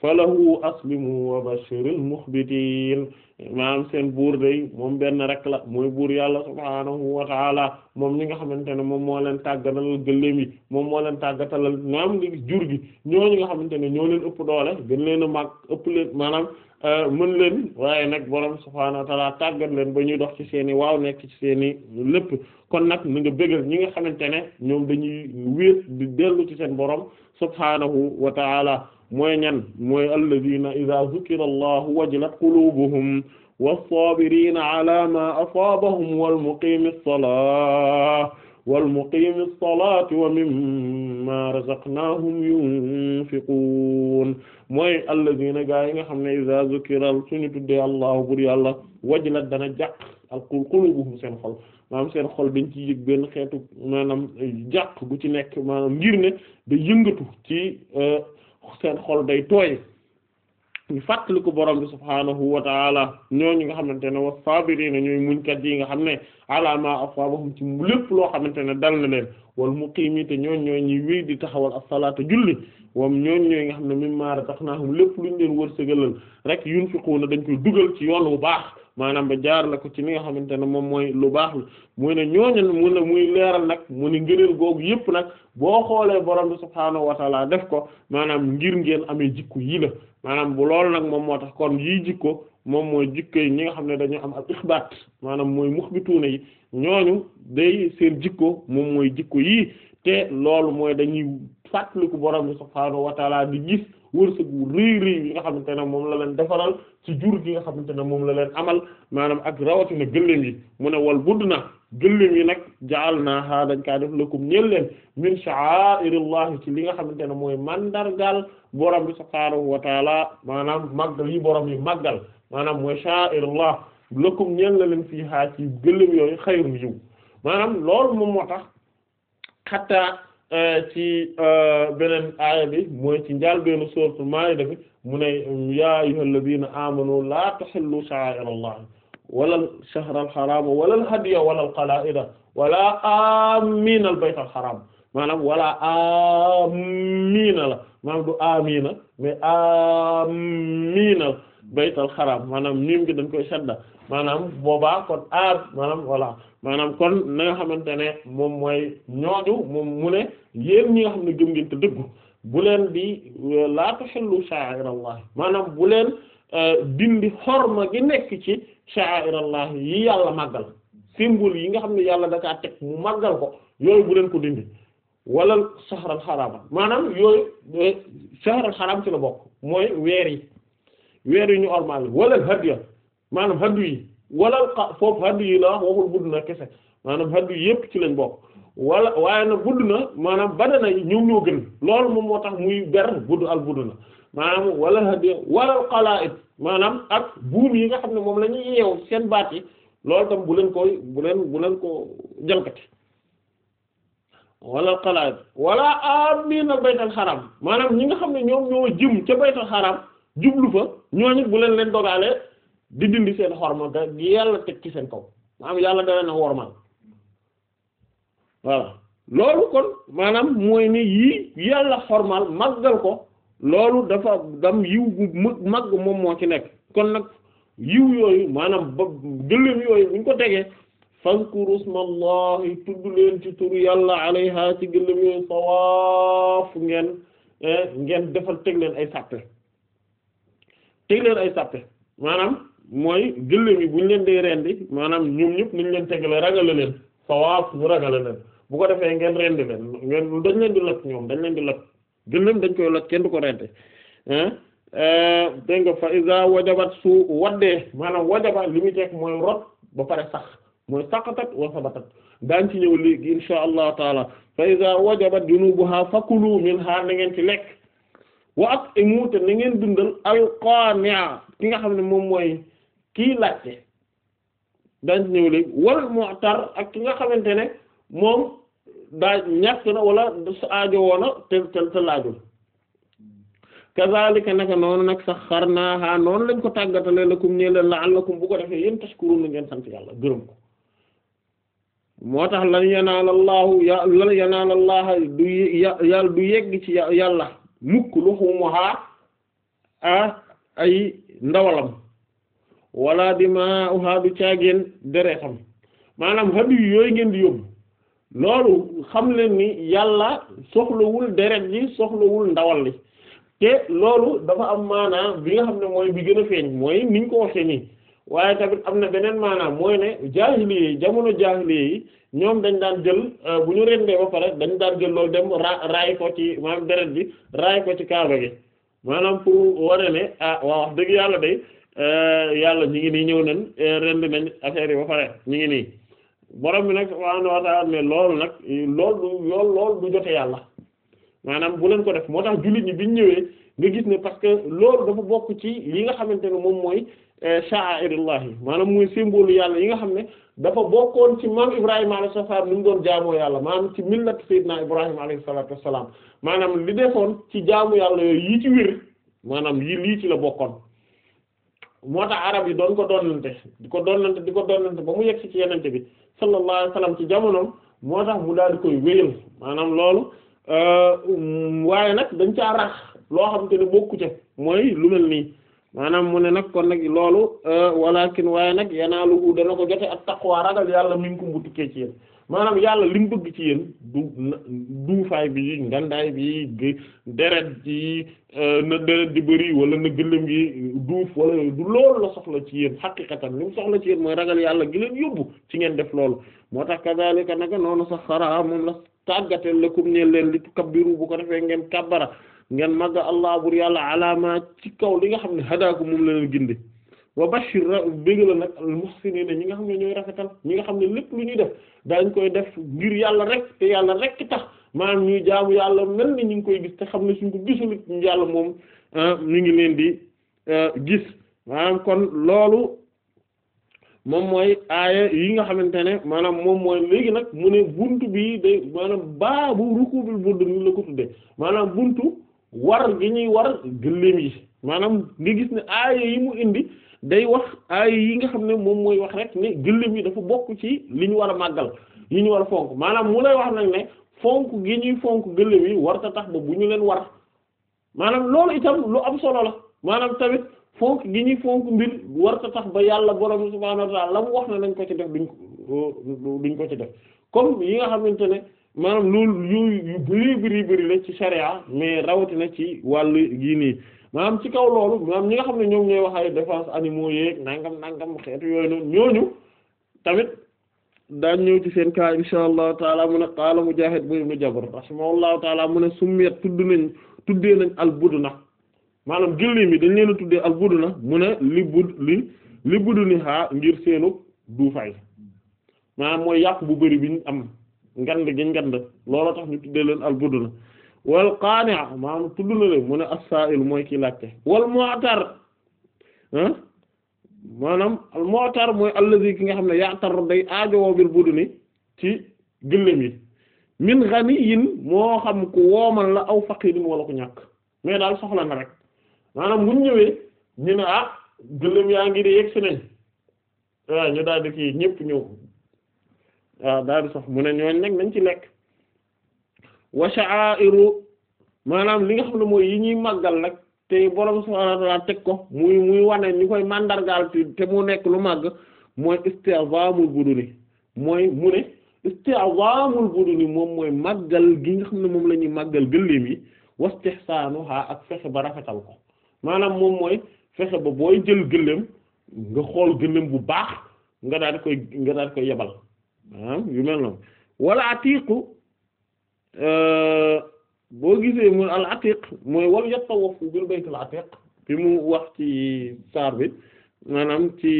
falahu aslimu wa bashiril mukhbitin maanaam seen buur day moom benn rek la mooy buur yàlla subhaanahu wa taala moom ñi nga xamante ne moom moo leen tàggatalal gëléem yi moom moo leen tàggatalal maanaam nga gis jur gi ñooñu nga xamante ne ñoom leen ëpp doole gën leen a ëpp leen maanaam euh, mën leen waaye nag borom subhaanahu wa tàggat leen ba ñuy dox ci seen i waaw nekk ci seen i lépp kon nag na nga bégal ñi nga xamante ne ñoom dañuy wéet di dellu ci seen borom subhaanahu wa mooy ñan mooy alladina ida zukira allahu wajilat qulubuhum wassabirina ala ma asaabahum walmuqimi alsalaa walmuqimi alsalati wa mimma razaqnahum yunfiqun mooy alladina gaa yi nga xam ne ida zukira suñu tuddee allahu bur yàlla wajilat dana jàq al qulubuhum seen xol maanaam seen xol dañ ci yëg benn xeetu maanaam jàq gu ci nekk maanaam ngir ne da yëngatu ci euh, seen xol day tooy ñu fàttaliku borom bi subhaanahu wa taala ñooñu nga xamante ne wa saabiriina ñooy muñkat yi nga xam ne ala ma asaabahum ci lépp loo xamante ne dal na leen wal muqiimi te ñooñ ñooy ñuy wéy di taxawal as-salaata julli wam ñooñ ñooy nga xam ne tax naa razaqnaahum lépp luñ leen wërsëgalal rek na dañ koy dugal ci yoon wu baax maanaam ba jaar la ko ci li nga xamante ne moom mooy lu baax la muy ne ñooñu mu ne muy leeral nag mu ne ngëneel googu yëpp nag boo xoolee borom bi subhaanahu wa taala def ko maanaam ngir ngeen amee jikko yii na maanaam bu loolu nag moom moo tax kon yii jikko moom mooy jikko ñi nga xam ne dañu am al ixbaat maanaam mooy muxbituuna yi ñooñu day seen jikko moom mooy jikko yii te loolu mooy dañuy fàttaliku borom bi subhaanahu wa taala di gis wërsëg wu rëy rëy nga xamante ne moom la leen defaral ci jur gi nga xamante ne moom la leen amal maanaam ak rawatina gëléem yi mu ne wal budd na gëléem yi nag jaal naa xaa dañ kaa def lakum ñeel leen min sha'airillahi ci li nga xamante ne mooy mandargal borom bi subhaanahu wa taala maanaam màggal yi borom yi màggal maanaam mooy sha'airullah lakum ñeel la leen fii xaa ci gëléem yooyu xayrun yiw maanaam lool moom moo tax xataa Euh, ci euh, beneen aaya bi mooy ci njàlbéenu suuratul Maa'ida bi mu ne yaa ayyuhal laziina aamanu laa tuhillu sha'aa'irallaahi walal shahral haraam walal hadya walal qalaa'ida walaa aamiina al baytal haraam maanaam walaa aamiina la maanaam du aamiina mais aamiina la baytal xaraam maanaam miim gi dañ koy sadda maanaam boobaa kon aar maanaam voilà maanaam kon na nga xamante ne moom mooy ñooñu moom mu ne yéen ñi nga xam ne gëm ngeen te dëggu bu leen di euh, laa tuxillu sha'irallahi maanaam bu leen euh, dindi ma gi nekk ci sha'irallahi yi yàlla màggal symbole yi nga xam ne yàlla dakaa teg mu màggal ko yooyu bu leen ko dindi wala saxaral xaraama maanaam yooyu euh, saxaral xaraam ci la bokk mooy weer weer yi ñu ormal walal hadiya maanaam haddu yi walal xa foofu haddu yi la wax waxul budd na kese maanaam haddu yépp ci lañ bokk wala waaye nag budd na maanaam badana na ñoom ñoo gën loolu moom moo tax muy ber budd al budd na maanaam walal hadiya walal xalaa'it maanaam ak buum yi nga xam ne moom la ñuy seen baat yi loolu tam bu leen koy bu leen bu leen ko jalkati wala xalaat wala am nii nag baytal xaram maanaam ñi nga xam ne ñoom ñoo jëm ca baytal xaraam jublu fa ñooñu bu leen leen dogalee di dindi seen xorma da yàlla teg ci seen kaw maam yàlla da leen a wormal voilà loolu kon maanaam mooy ni yii yàlla xormal màggal ko loolu dafa dam yiw gu mag moom moo ci nekk kon nag yiw yooyu maanaam ba gëléem yooyu buñ ko tegee fazkuru smallahi tudd leen ci turu yàlla alayha ci gëléem yooyu sawaaf ngeen eh, ngeen defal teg leen ay sàppe teg leen ay sàppe maanaam mooy gëléem yi bu ñu leen dee rendi maanaam ñoom ñëpp nañ leen tegale ragale leen sawaaf ñu ragale leen bu ko defee ngeen rendi leen ngeen dañ leen di lot ñoom dañ leen di lot gëléem dañ koy lot kenn du ko rendi euh, dégg nga fa isa wajabat su waddee maanaam wajaba li muy teg mooy rot ba pare sax mooy saqatat wa sabatat daañ ci ñëw léegi insha allah taala fa isa wajabat junubuha fakulu minha na ngeen ci lekk wa ak imu te na ngeen dundal alqania ki nga xam ne moom mooy kii laajte daañ ñëw léegi wal mu'tar ak ki nga xamante ne moom daa ñàkk na wala sa aajo woona te tel te laajul kazalika naka noonu nag sax xar saxarnaaha noonu lañ ko tàggatale lakum ñe leen la'allakum bu ko defee yéen tashkurun na ngeen sant yàlla gërëm ko moo tax lan yanaalallahu ya lan yanaalallahu du yàlla du yegg ci yàlla mukk luhumuha ay ndawalam walla wala dima'uha du caageen deretam maanaam hadiyu yooyu ngeen di yóbbu loolu xam leen ni yàlla soxlawul deret yi soxlawul ndawal li te loolu dafa am maanaa bi nga xam ne mooy bi gën a feeñ mooy niñ ko waxee nii waaye tamit am na beneen maanaam mooy ne jaahiliya yi jamono jaahiliya yi ñoom dañ daan jël euh, bu ñu rendee ba pare dañ daan jël loolu dem ra raay ko ci maanaam deret bi raay ko ci kaaba gi maanaam pour wane ne ah waaw wax dëgg yàlla day euh, yàlla ñu ngi nii ñëw nañ euh, rend nañ affaire yi ba pare ñu ngi nii borom bi nag subhaanahu wa ta'ala ne loolu nag loolu loolu du jote yàlla maanaam bu leen ko def moo tax jullit ñi biñ ñëwee nga gis ne parce que loolu dafa bokk ci li nga xamante ne moom mooy Eh, sha'airillahi maanaam muy symbole yàlla yi nga xam ne dafa bokkoon ci maam Ibrahima alayhi salaam ni mu doon jaamoo yàlla maanaam ci millat Seydina Ibrahima alayhi salaatu wassalaam maanaam li desoon ci jaamu yàlla yooyu yii ci wér maanaam yi lii ci la bokkoon moo tax arab yi doon ko doonante di ko doonante di ko doonante ba mu yegg ci yenente bi sallallahu alayhi wasallam ci jamonoom moo tax mu daal di koy wéyal maanaam loolu eh, waaye nag dañ caa rax loo xam te ne bokku ca mooy lu mel nii maanaam mu ne nag kon nag loolu euh, walakin waaye nag yanaaluhu dana ko jote ak taqwa ragal yàlla minkum bu tukkee ci yéen maanaam yàlla li bëgg ci yéen du duufaay bi ngandaay bi deret ji euh, na deret di bëri wala na gëlëm gi duuf wala du loolu la soxla ci yéen xaqiqatan li mu soxla ci yéen mooy ragal yàlla gi leen yóbbu ci ngeen def loolu moo tax kazalika naka noonu sax xaraa moom la tàggateel la kum ñeel leen li kabbiru bu ko defee ngeen kàbbara ngeen màgga allah bur yàlla alaama ci kaw li nga xam ne hadaaku moom leen gindi wa bashir bëgg la nag al muhsiniina ñi nga xam ne ñooy rafetal ñi nga xam ne lépp lu ñuy def daañ koy def ngir yàlla rek te yàlla rek tax maanaam ñuy jaamu yàlla mel ni ñu ngi koy gis te xam ne suñ ko gisul yàlla moom ñu ah, ngi leen di ah, gis maanaam kon loolu moom mooy aaya yi nga xamante ne maanaam moom mooy léegi nag mu ne buntu bi day maanaam baabu rukubil budd ni la ko war gi ñuy war gëléem yi maanaam nga gis ne aaya yi mu indi day wax aaya yi nga xam ne moom mooy wax rek ne gëléem yi dafa bokk ci li ñu war a màggal yi ñu war a fonk maanaam mu lay wax nag ne fonk gi ñuy fonk gëléem yi war ta tax ba bu ñu leen war maanaam loolu itam lu am solo la maanaam tamit fonk gi ñuy fonk mbir war ta tax ba yàlla borom subhaanahu wa ta'ala la mu wax na lañ ko ci def duñ ko duñ ko ci def comme yi nga xamante ne maanaam loolu yu bëri bëri bëri la ci charia mais rawatina ci wàll yii nii maanaam ci kaw loolu maanaam ñi xam ne ñoom ñooy wax ay défense animaux yeeg nangam nangam xeetu yooyu noonu ñooñu tamit daañ ci seen cas insha allahu taala mu ne qaala Mujaahid bu ibnu Jabr rahimahullahu taala mu ne summiyat tudd nañ tuddee nañ al budna maanaam gëléem yi dañ leen a tuddee al budna mu ne li bud li ngir seenu duufaay maanaam mooy yàpp bu bëri biñ am ngand gi ngand looloo tax ñu tuddee leen al buduna wal qaani' maanaam tudd na leen mu ne as mooy kii laajte wal mu'tar ah, maanaam al mu'tar mooy allazi ki nga xam ne ya'tar day aajowoo bil buduni ci gëléem yi min ghaniyin moo xam ku woomal la aw faqirin wala ku ñàkk mais daal soxla na rek maanaam bu ñëwee ñu ne ah gëléem yaa ngi di yegg si nañ waaw ñu daal di kii ñëpp ñëw daal di sax mu ne ñooñ nag nañ ci lekk wa sha'iru maanaam li nga xam ne mooy yi ñuy màggal nag te borom subhaanahu wa teg ko muy muy wane ñu koy màndargaal te mu nekk lu màgg mooy isti'zaamul buduni mooy mu ne isti'zaamul buduni moom mooy màggal gi nga xam ne moom la màggal gëléem yi wastihsaanuha ak fexe ba rafetal ko maanaam moom mooy fexe ba booy jël gëléem nga xool gëléem bu baax nga daal di koy nga daal koy yebal Ah, yu mel noonu wala atiqu euh, boo gisee mu al atiq mooy wal yatawafu bil bayt al atiq bi mu wax ci saar bi maanaam ci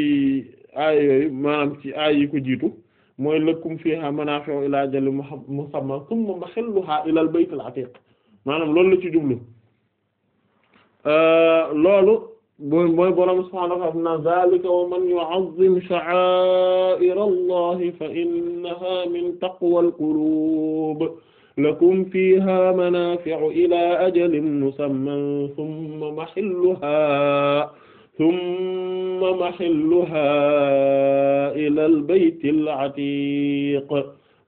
aay yooyu maanaam ci aay yi ko jiitu mooy lakum fiha manafi'u ila ajalin musamma thumma mahilluha ila al bayt al atiq maanaam loolu la ci jublu euh, loolu mooy mooy borom subhaanahu wa ta'aala zaalika wa man yu'azzim sha'aa'ira Allahi fa innahaa min taqwal quluub lakum fiihaa manaafi'u ilaa ajalin musamman thumma mahilluhaa thumma mahilluhaa ilal baytil atiiq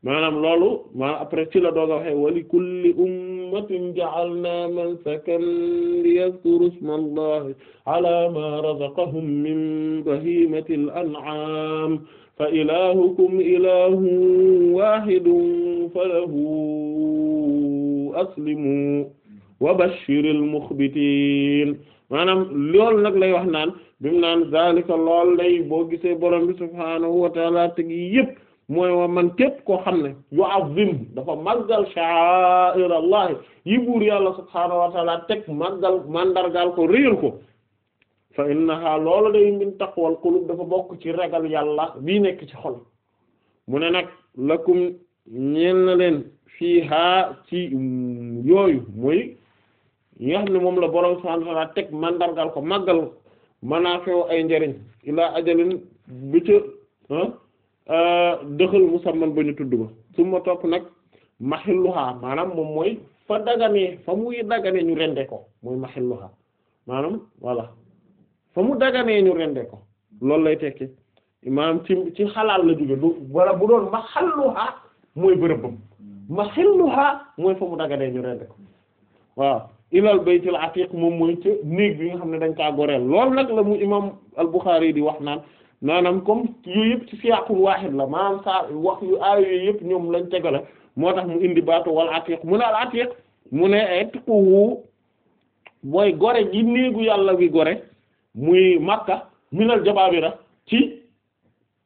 maanaam loolu ma après ci la doog a waxee wa li kulli umm ummatin ja'alna mansakan liyadhkuru isma allahi ala ma razaqahum min bahimatil an'am fa ilahukum ilahun wahidun falahu aslimu wa bashiril mukhbitin maanaam loolu nag lay wax naan bi mu naan zalika lool lay boo gisee borom bi subhaanahu wa ta'ala tegi yépp mooy wa man képp koo xam ne yu azim dafa maggal sha'irallah yi buur yàlla subhaanahu wa ta'ala teg màggal màndargaal ko réer ko fa innaha loolu day min taqwal qulub dafa bokk ci ragal yàlla bii nekk ci xol mu ne nag lakum ñeel na leen fiiha ci yooyu mooy yi nga ne moom la borom subhaanahu wa ta'ala teg màndargaal ko màggal manaafi'u ay njëriñ ilaa ajalin bi Euh, dëxal musamman ba ñu tudd ba su ma topp nag maxilluha maanaam moom mooy fa daganee fa muy daganee ñu rende ko mooy maxilluha maanaam voilà fa mu daganee ñu rende ko loolu lay tekki maanaam ci ci xalaal la jóge du wala bu doon maxalluha mooy mooy fa mu daganee ñu rende ko waaw ilal baytil atiq moom mooy ci néeg bi nga xam ne dañ kaa goreel loolu nag la mu imam al di wax naan maanaam comme yooyu yëpp ci siyaaqul waahid la maanaam saa wax yu aay yooyu yëpp ñoom lañ tegale moo tax mu indi baatu wal atiq mu ne al atiq mu ne atiquhu mooy gore gi néegu yàlla gi gore muy makka minal jabaabira ci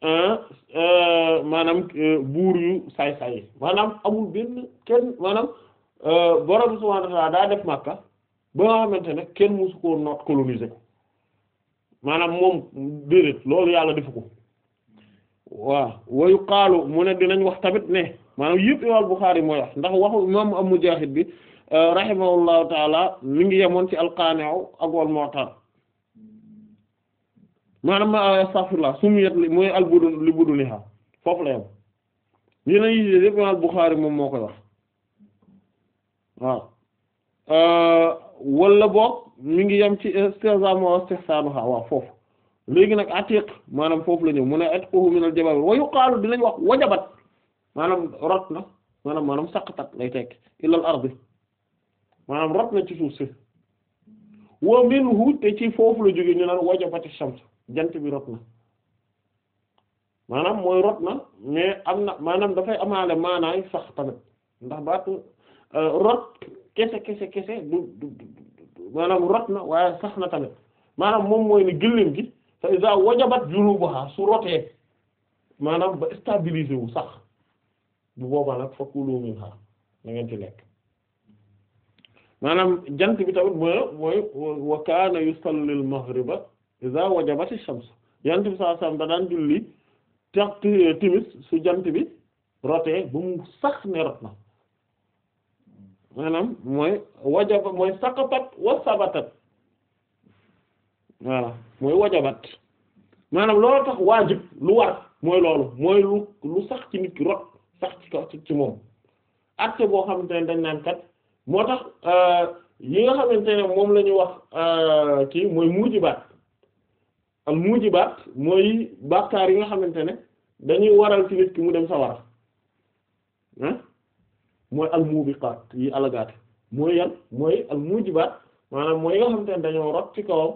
euh, euh, maanaam euh, buur yu saay-saay maanaam amul benn kenn maanaam borom subhaanahu wa daa def makka ba nga xamante ne kenn musu koo noot coloniser ko maanaam moom déedéet loolu yàlla defu ko waaw wayu xaalu mu ne dinañ wax tamit ne maanaam yëpp imaam Buxaari mooy wax ndax waxu moom am Mujaahid bi euh, rahimahullahu taala mi ngi yemoon ci alqaani'u ak moo mu'tar maanaam euh, astaghfirullah sumiyat li mooy al budul li budul liha foofu la yem yeneen yi yëpp imaam Buxaari moom moo koy wax waaw euh, wala boog mi ngi yem ci istihza wa istihsanuha waaw léegi nag atiq maanaam foofu la ñëw mu ne atquhu min al jabal wa yuqaalu dinañ wax wajabat maanaam rot na maanaam saq saqatat lay tekk ilal ardi maanaam rot na ci suuf si wa minhu te ci foofu la jóge ñu naan wajabati shams jant bi rot na maanaam mooy rot na mais am na maanaam dafay amaale maanaay sax tamit ndax baatu euh, rot kese kese kese du du maanaam rot na waaye sax na tamit maanaam moom mooy ne gëléem gi fa iza wajabat junubuha su rotee maanaam ba stabiliser sax bu boobaa nag fakulu minha na ngeen ci lekk maanaam jant bi tamit mooy mooy wa kaana yusalli al-maghriba iza wajabat ash-shams jant bi saa saam da daan julli timis su jant bi rotee ba mu sax ne rot na maanaam mooy wajaba mooy saqapat wa sabatat voilà mooy wajabat maanaam loolu tax waajib lu war mooy loolu mooy lu lu sax ci nit ki rot sax ci kaw ci moom acte boo xamante dañ naan kat moo tax euh, yi nga xamante ne moom la ñu wax euh, kii mooy muujibaat al muujibaat mooy bàkkaar yi nga xamante ne dañuy waral ci nit ki mu dem sawara ah mooy al mubiqaat yi alagaate mooy yan mooy al mujibaat maanaam mooy yoo xam te ne dañoo rot ci kawam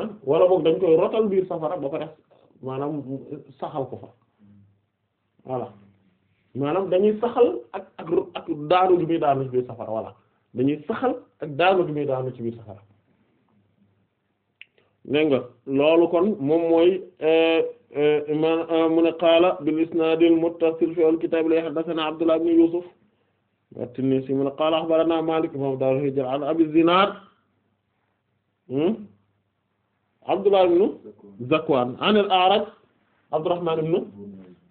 ah wala boog dañ koy rotal biir safara ba pare maanaam saxal ko fa voilà maanaam dañuy saxal ak ak ak daanu gi muy daanu ci biir safara voilà dañuy saxal ak daanu gi muy daanu ci biir safara dégg nga loolu kon moom mooy. Euh, Eh, ah, mu ne qaala bil isnaadil muttasil fi al kitaab li haddasanaa Abdullah ibn Yusuf at-Tinnisi mu ne qaala axbaranaa Maalik imaam daaru hijra an Abi Zinaad hmm? Abdullah ibn Zakwaan an al-A'raj Abdurrahmaan ibn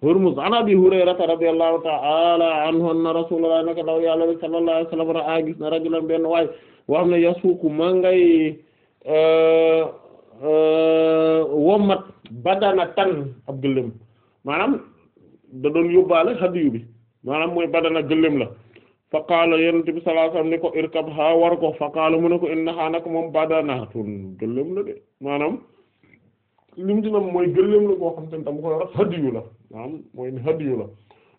Hurmuz an Abi Hurayrata radiyallahu ta'ala anhu anna Rasuulullah naka daw Yàlla sallallahu alayhi wa sallam ra'a gis na rajulan benn waay boo xam ne yasuuqu ma ngay eh, Euh, wommat badana tan ab gëléem maanaam da doon yóbbaale hadiyu bi maanaam mooy badana gëléem la fa qaala yenente bi sallallahu alayhi ni ko irkab ha war ko fa qaala mu ne ko innaha nak moom badanatun gëléem la de maanaam li mu dina mooy gëléem la boo xam te ne dama koy wax hadiyu la mooy ni hadiyu la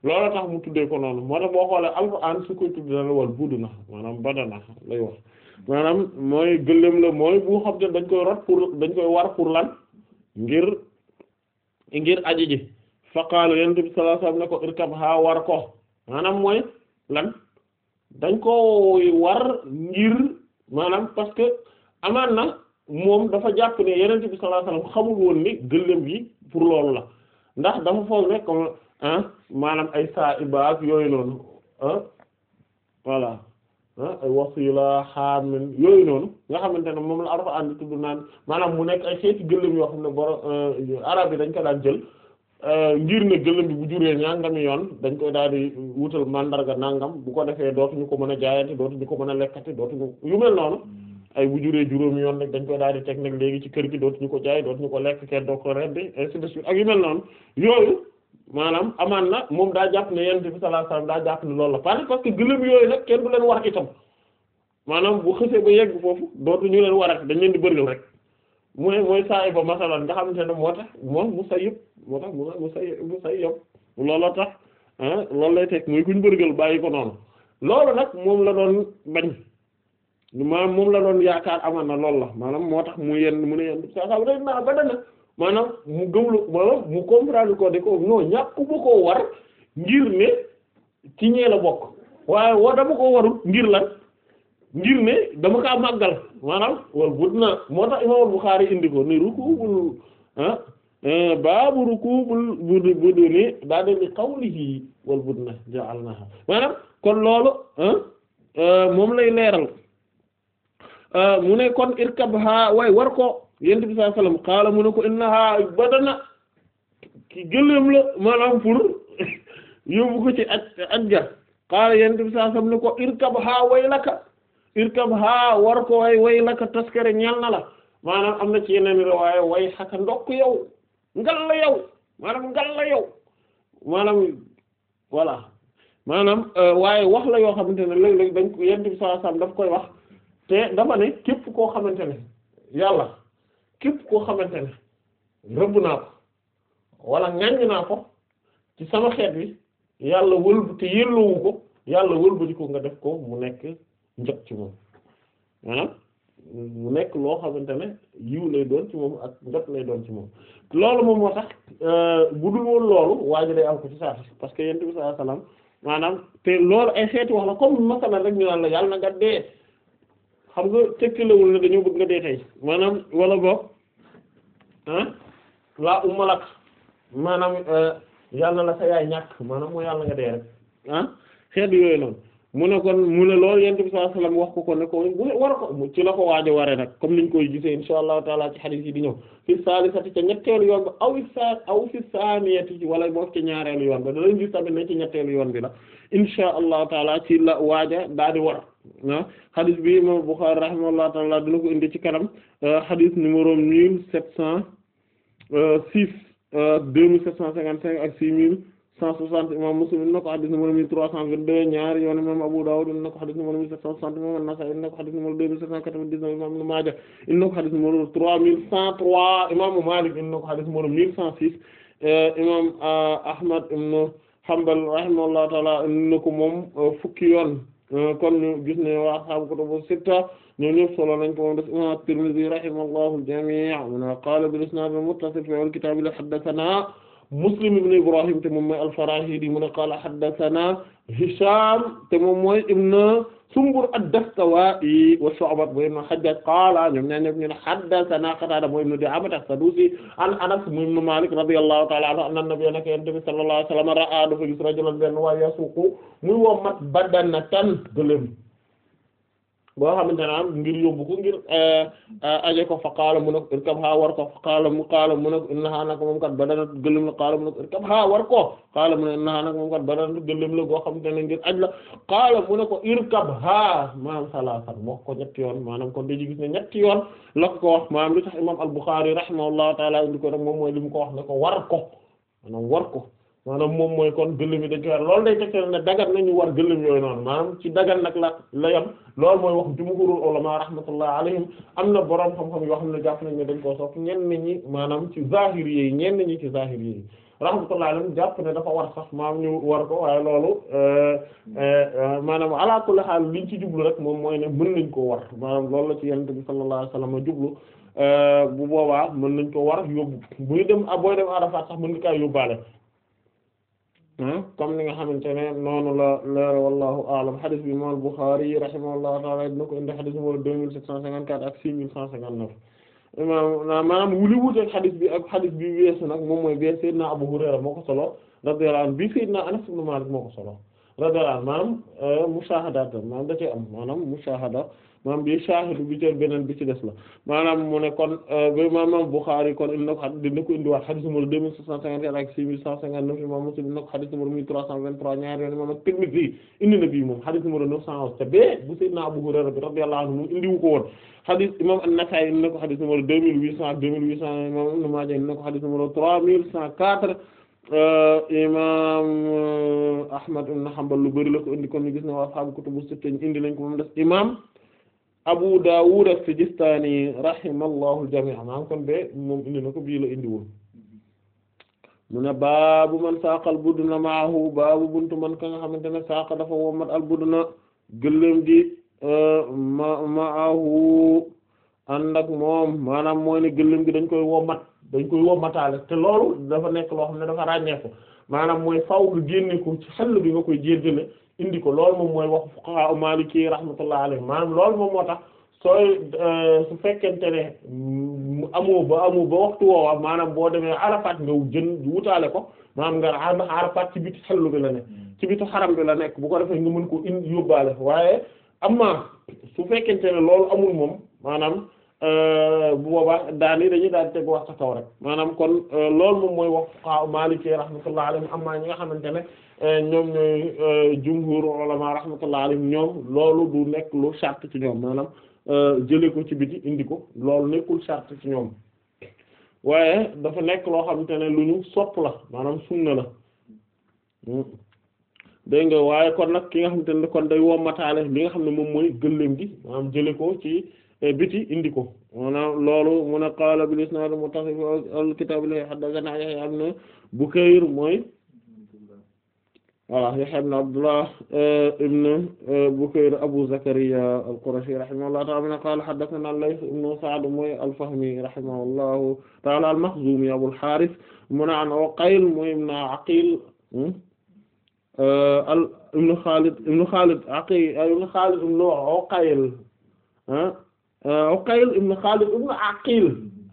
loolu tax mu tuddee ko noonu moo tax boo xoolee alxuraan su koy tudd dana wal buduna maanaam badana lay wax maanaam mooy gëléem la mooy bu xam te dañ koy rot pour dañ koy war pour lan ngir ngir aji ji faqaala yonent bi sallallahu alayhi ne ko irkabha war ko maanaam mooy lan dañ ko war ngir maanaam parce que amaan na moom dafa jàpp ne yonent bi sallallahu alayhi wasallam xamul woon ni gëléem yi pour loolu la ndax dafa foog rek comme maanaam ay saa ibaak yooyu noonu ah Ah, ay la xaamin yooyu noonu nga xamante ne moom la Alxuraan di tudd naan maanaam mu nekk ay xeeti yoo xam ne borom euh, arab yi dañ ko daan jël euh, ngir ne gëléem bi bu juree ñàngami yoon dañ koy daal di wutal mandarga nangam bu ko defee dootuñu ko mën a jaayati ñu ko mën a lekkati dootuñu yu mel noonu ay bu juree juróomi yoon nag dañ koy daal di teg nag léegi ci kër gi dootuñu ko jaay dootuñu ko lekk kenn doo ko reddi ainsi de ak yu noonu yooyu maanaam amaan na moom daa jàpp ne yonent bi sallallahu alayhi wasallam daa jàpp ne loolu la parce parce que gëléem yooyu nag kenn du leen war itam maanaam bu xësee ba yegg foofu dootu ñu leen warat dañ leen di bërgal rek mooy mooy saay ba masalan nga xamante ne moo tax moom mu say yëpp moo tax mu mu say mu say yëpp looloo tax loolu lay teg mooy kuñ bërgal bàyyi ko noonu loolu nag moom la doon bañ maanaam moom la doon yaakaar amaan na loolu la maanaam moo tax mu yenn mu ne yenn saa saa maanaam mu gëmlu maanaam mu comprendre ko de ko non ñàkk ba koo war ngir ne ci ñee la bokk waaye wa dama ko warul ngir lan ngir ne dama kaa màggal maanaam wal but na moo tax imaamul Buxaari wal but na ja'alnaha maanaam kon loolu moom lay leeral mu ne kon irkab ha way war ko yent bi sallallahu alayhi mu ne ko innaha badana ki gëléem la maanaam pour yóbbu ko ci ak ak ja xaala yent bi sallallahu alayhi wasallam ne ko irkabha waylaka irkabha war ko way waylaka taskare ñeel na la maanaam am na ci yeneen waaye way xaka ndokk yow ngal la yow maanaam ngal la yow maanaam voilà maanaam euh, waaye wax la yoo xamante ne léeg-léeg dañ ko yent bi sallallahu alayhi daf koy wax te dafa ne képp koo xamante ne képp koo xamante ne rëbb naa ko wala ŋaññ naa ko ci sama xeet wi yàlla wëlb te yelloowu ko yàlla wëlbati ko nga def ko mu nekk njot ci moom maanaam ah? mu nekk loo xamante ne yiw lay doon ci moom ak njot lay doon ci moom loolu moom moo tax euh, bu dul woon loolu waa ji day am ko ci saa parce que yent bi sallallahu alayhi maanaam te lool ay xeeti wax la comme masalan rek ñu naan la yàlla nga dee xam nga tëkkalewul ne dañoo bëgg nga dee tey maanaam wala boog laa ummalak maanaam euh, yàlla la sa yaay ñàkk maanaam moo yàlla nga dee rek ah xeet yooyu noonu mu ne kon mu ne loolu yent bi sallallahu alayhi wax ko ko ne ko bu war ci la ko waajo waree nag comme niñ koy gisee insha allahu taala ci hadith yi di ñëw fi saalisati ca ñetteelu yoon ba aw sa aw fi saaniyati ci ci ñaareelu yoon ba dalañ gis tamit ne ci ñetteelu la insha allahu waaja daa di war ah hadith bi imam Bukhari rahimahullahu taala dina ko indi ci kanam hadith euh, numéro mille sept cent Euh, six euh, deux mille sept cent cinquante cinq ak six mille cent soixante imam Muslim indi na ko hadith numéro mille trois cent vingt-deux ñaari yoon imam Abu Dawud indi na ko hadith numéro mille cent soixante imam An-Nasa'i indi deux mille sept cent quatre-vingt-dix-neuf imam Ibn Maaja indi na ko trois mille cent trois imam Malik indi na ko euh, imam Ahmad ibn Hanbal rahimahullahu ta'ala indi moom fukki yoon kon ñu gis ne waa ashaabu kutubu sitta ñoom ñëpp solo nañ ko moom des imam at-Tirmidhi rahimahullahu al-jami' wa qala bil isnad al-muttasil fi al-kitab li haddathana Muslim ibn Ibrahim te moom mooy al-Farahidi mu ne qaala haddathana Hisham te moom mooy ibn Sumbur ad-Dastuwaa'i wa Shu'ba mooy ibn Hajjaj qaala ñoom ñoo ñëpp ñu ne haddathana Qatada mooy ibn Di'aamata as-Saduusi an Anas ibn Maalik radiyallahu ta'ala anhu anna nabiyya nak yonent bi sallallahu alayhi wa sallam ra'a dafa gis rajulan benn waay yasuuqu muy woo mat badanatan gëléem boo xam ne am ngir yóbbu ko ngir eh, eh, aje ko fa qaala mu ne ko irkab ha war ko fa mu qaala mu ne ko innaha nak moom kat badarat gëléem la qaala mu ne irkab ha war ko qaala mu ne innaha nak moom kat badarat la goo xamante ne ngir aj la qaala mu ne ko irkab ha maanaam salaasan ko ñetti yoon maanaam kon dañu gis ne ñetti yoon la ko wax maanaam li tax imam al-Bukhari rahimahullahu taala indi ko rek moom mooy li mu ko wax ne ko war ko maanaam war ko maanaam moom mooy kon gëléem yi dañ koy war loolu day tegtal ne dagan nañu war gëléem yooyu noonu maanaam ci dagan nag la la yam loolu mooy wax jumhurul ulama rahmatullah am na boroom xam yoo xam ne jàpp nañ ne dañ koo sopp ñenn ñi maanaam ci zahiri yi ñenn ñi ci zahiri yi rahmatullah alayhim jàpp ne dafa war sax maam ñu war ko waaye loolu euh, euh, maanaam ala kulli haal liñ ci jublu rek moom mooy ne mën nañ koo war maanaam loolu la ci yonent bi sallallahu alayhi wasallam jublu euh, bu boobaa mën nañ ko war yóbbu buy dem booy dem Arafat sax mën nga kaa yóbbaale Hmm? comme ni nga xamante ne noonu la leer wallahu a'lam hadith bi imam Bukhari rahimahullahu ta'ala dina ko indi hadith numéro deux mille sept cent cinquante ak six mille cent cinquante-neuf imam maanaam wuli wuuteeg ak hadith bi weesu nag moom mooy bee Seydina Abu Hurayra moo ko solo radiyallahu anhu bi Seydina Anas ibn Malik moo ko solo radiyallahu anhu maanaam euh, mushahada maanaam da am maanaam mushahada maanaam bi shaahidu bi ci beneen bi ci des la maanaam mu ne kon euh, ba imaam Bukhari kon ko xadis dina ko indiwaat xadis numéro deux mille sept cent cinquante et un ak six mille cent cinquante neuf imaam Muslim indi ko xadis numéro imaam Tirmidhi indi indiwu ko woon xadis imaam An-Nasa'i indi ko xadis trois mille cent quatre euh, imaam euh, Ahmad ibn lu bari la ko indi kon ni gis na waa ashaabu kutubu sitta indi nañ ko moom des imaam Abu Dawud as-Sijistani rahimallahu al-jami' maam kon be moom indi na ne baabu man saaqal budna maahu baabu buntu man ka nga xamante ne dafa wommat al budna gëléem gi euh, ma maahu ànd ak moom maanaam mooy ne gëléem gi dañ koy wommat dañ koy wommataale te loolu dafa nekk loo xam ne dafa ràññeeku maanaam mooy faw nga génne ko xel bi nga koy jéggale indi ko loolu moom mooy wax fuqaha maliki rahmatullahi alayhi maam loolu moom moo tax sooy euh, su fekkente ne amoo ba amoo ba waxtu woowa maanaam boo demee Arafat nga jën wutaale ko maanaam nga Arafat ci bitu xellu bi la ne hmm. ci bitu xaram bi la nekk bu ko defee nga mën ko indi yóbbaale waaye amma su fekkente ne loolu amul moom maanaam Euh, bu boobaa daan yi dañuy daal teg wax sa kaw rek maanaam kon euh, loolu moom mooy wax fuqaha Maliki rahmatullah alayhi amma ñi nga xamante ne euh, ñoom ñooy jumhur ulama rahmatullah alayhi ñoom loolu du nekk lu charte ci ñoom maanaam jëlee ko ci biti indi ko lool nekkul charte ci ñoom waaye dafa nekk loo xamante ne lu ñu sopp la maanaam sunna la hmm. dégg nga waaye kon nag ki nga xamante ne kon day womataale li nga xam ne moom mooy gëléem gi maanaam jëlee ko ci. biti euh, indi ko maanaam loolu mu ne qaala bil isnaad muttasil al kitaab li haddathana Yahya ibn Bukayr mooy voilà Yahya ibn Abdullah euh, ibn euh, Bukayr Abu Zakariya al-Qurashi rahimahullahu ta'ala mu ne qaala haddathana al-Layth ibn Sa'd mooy al-Fahmi rahimahullahu ta'ala al-Makhzumi Abu al-Harith mu ne an Uqayl mooy ibn Aqil hmm? al ibn Khalid ibn Khalid Aqil ibn Khalid ibn Uqayl Euh, Uqayl ibn Khalid ibn Aqil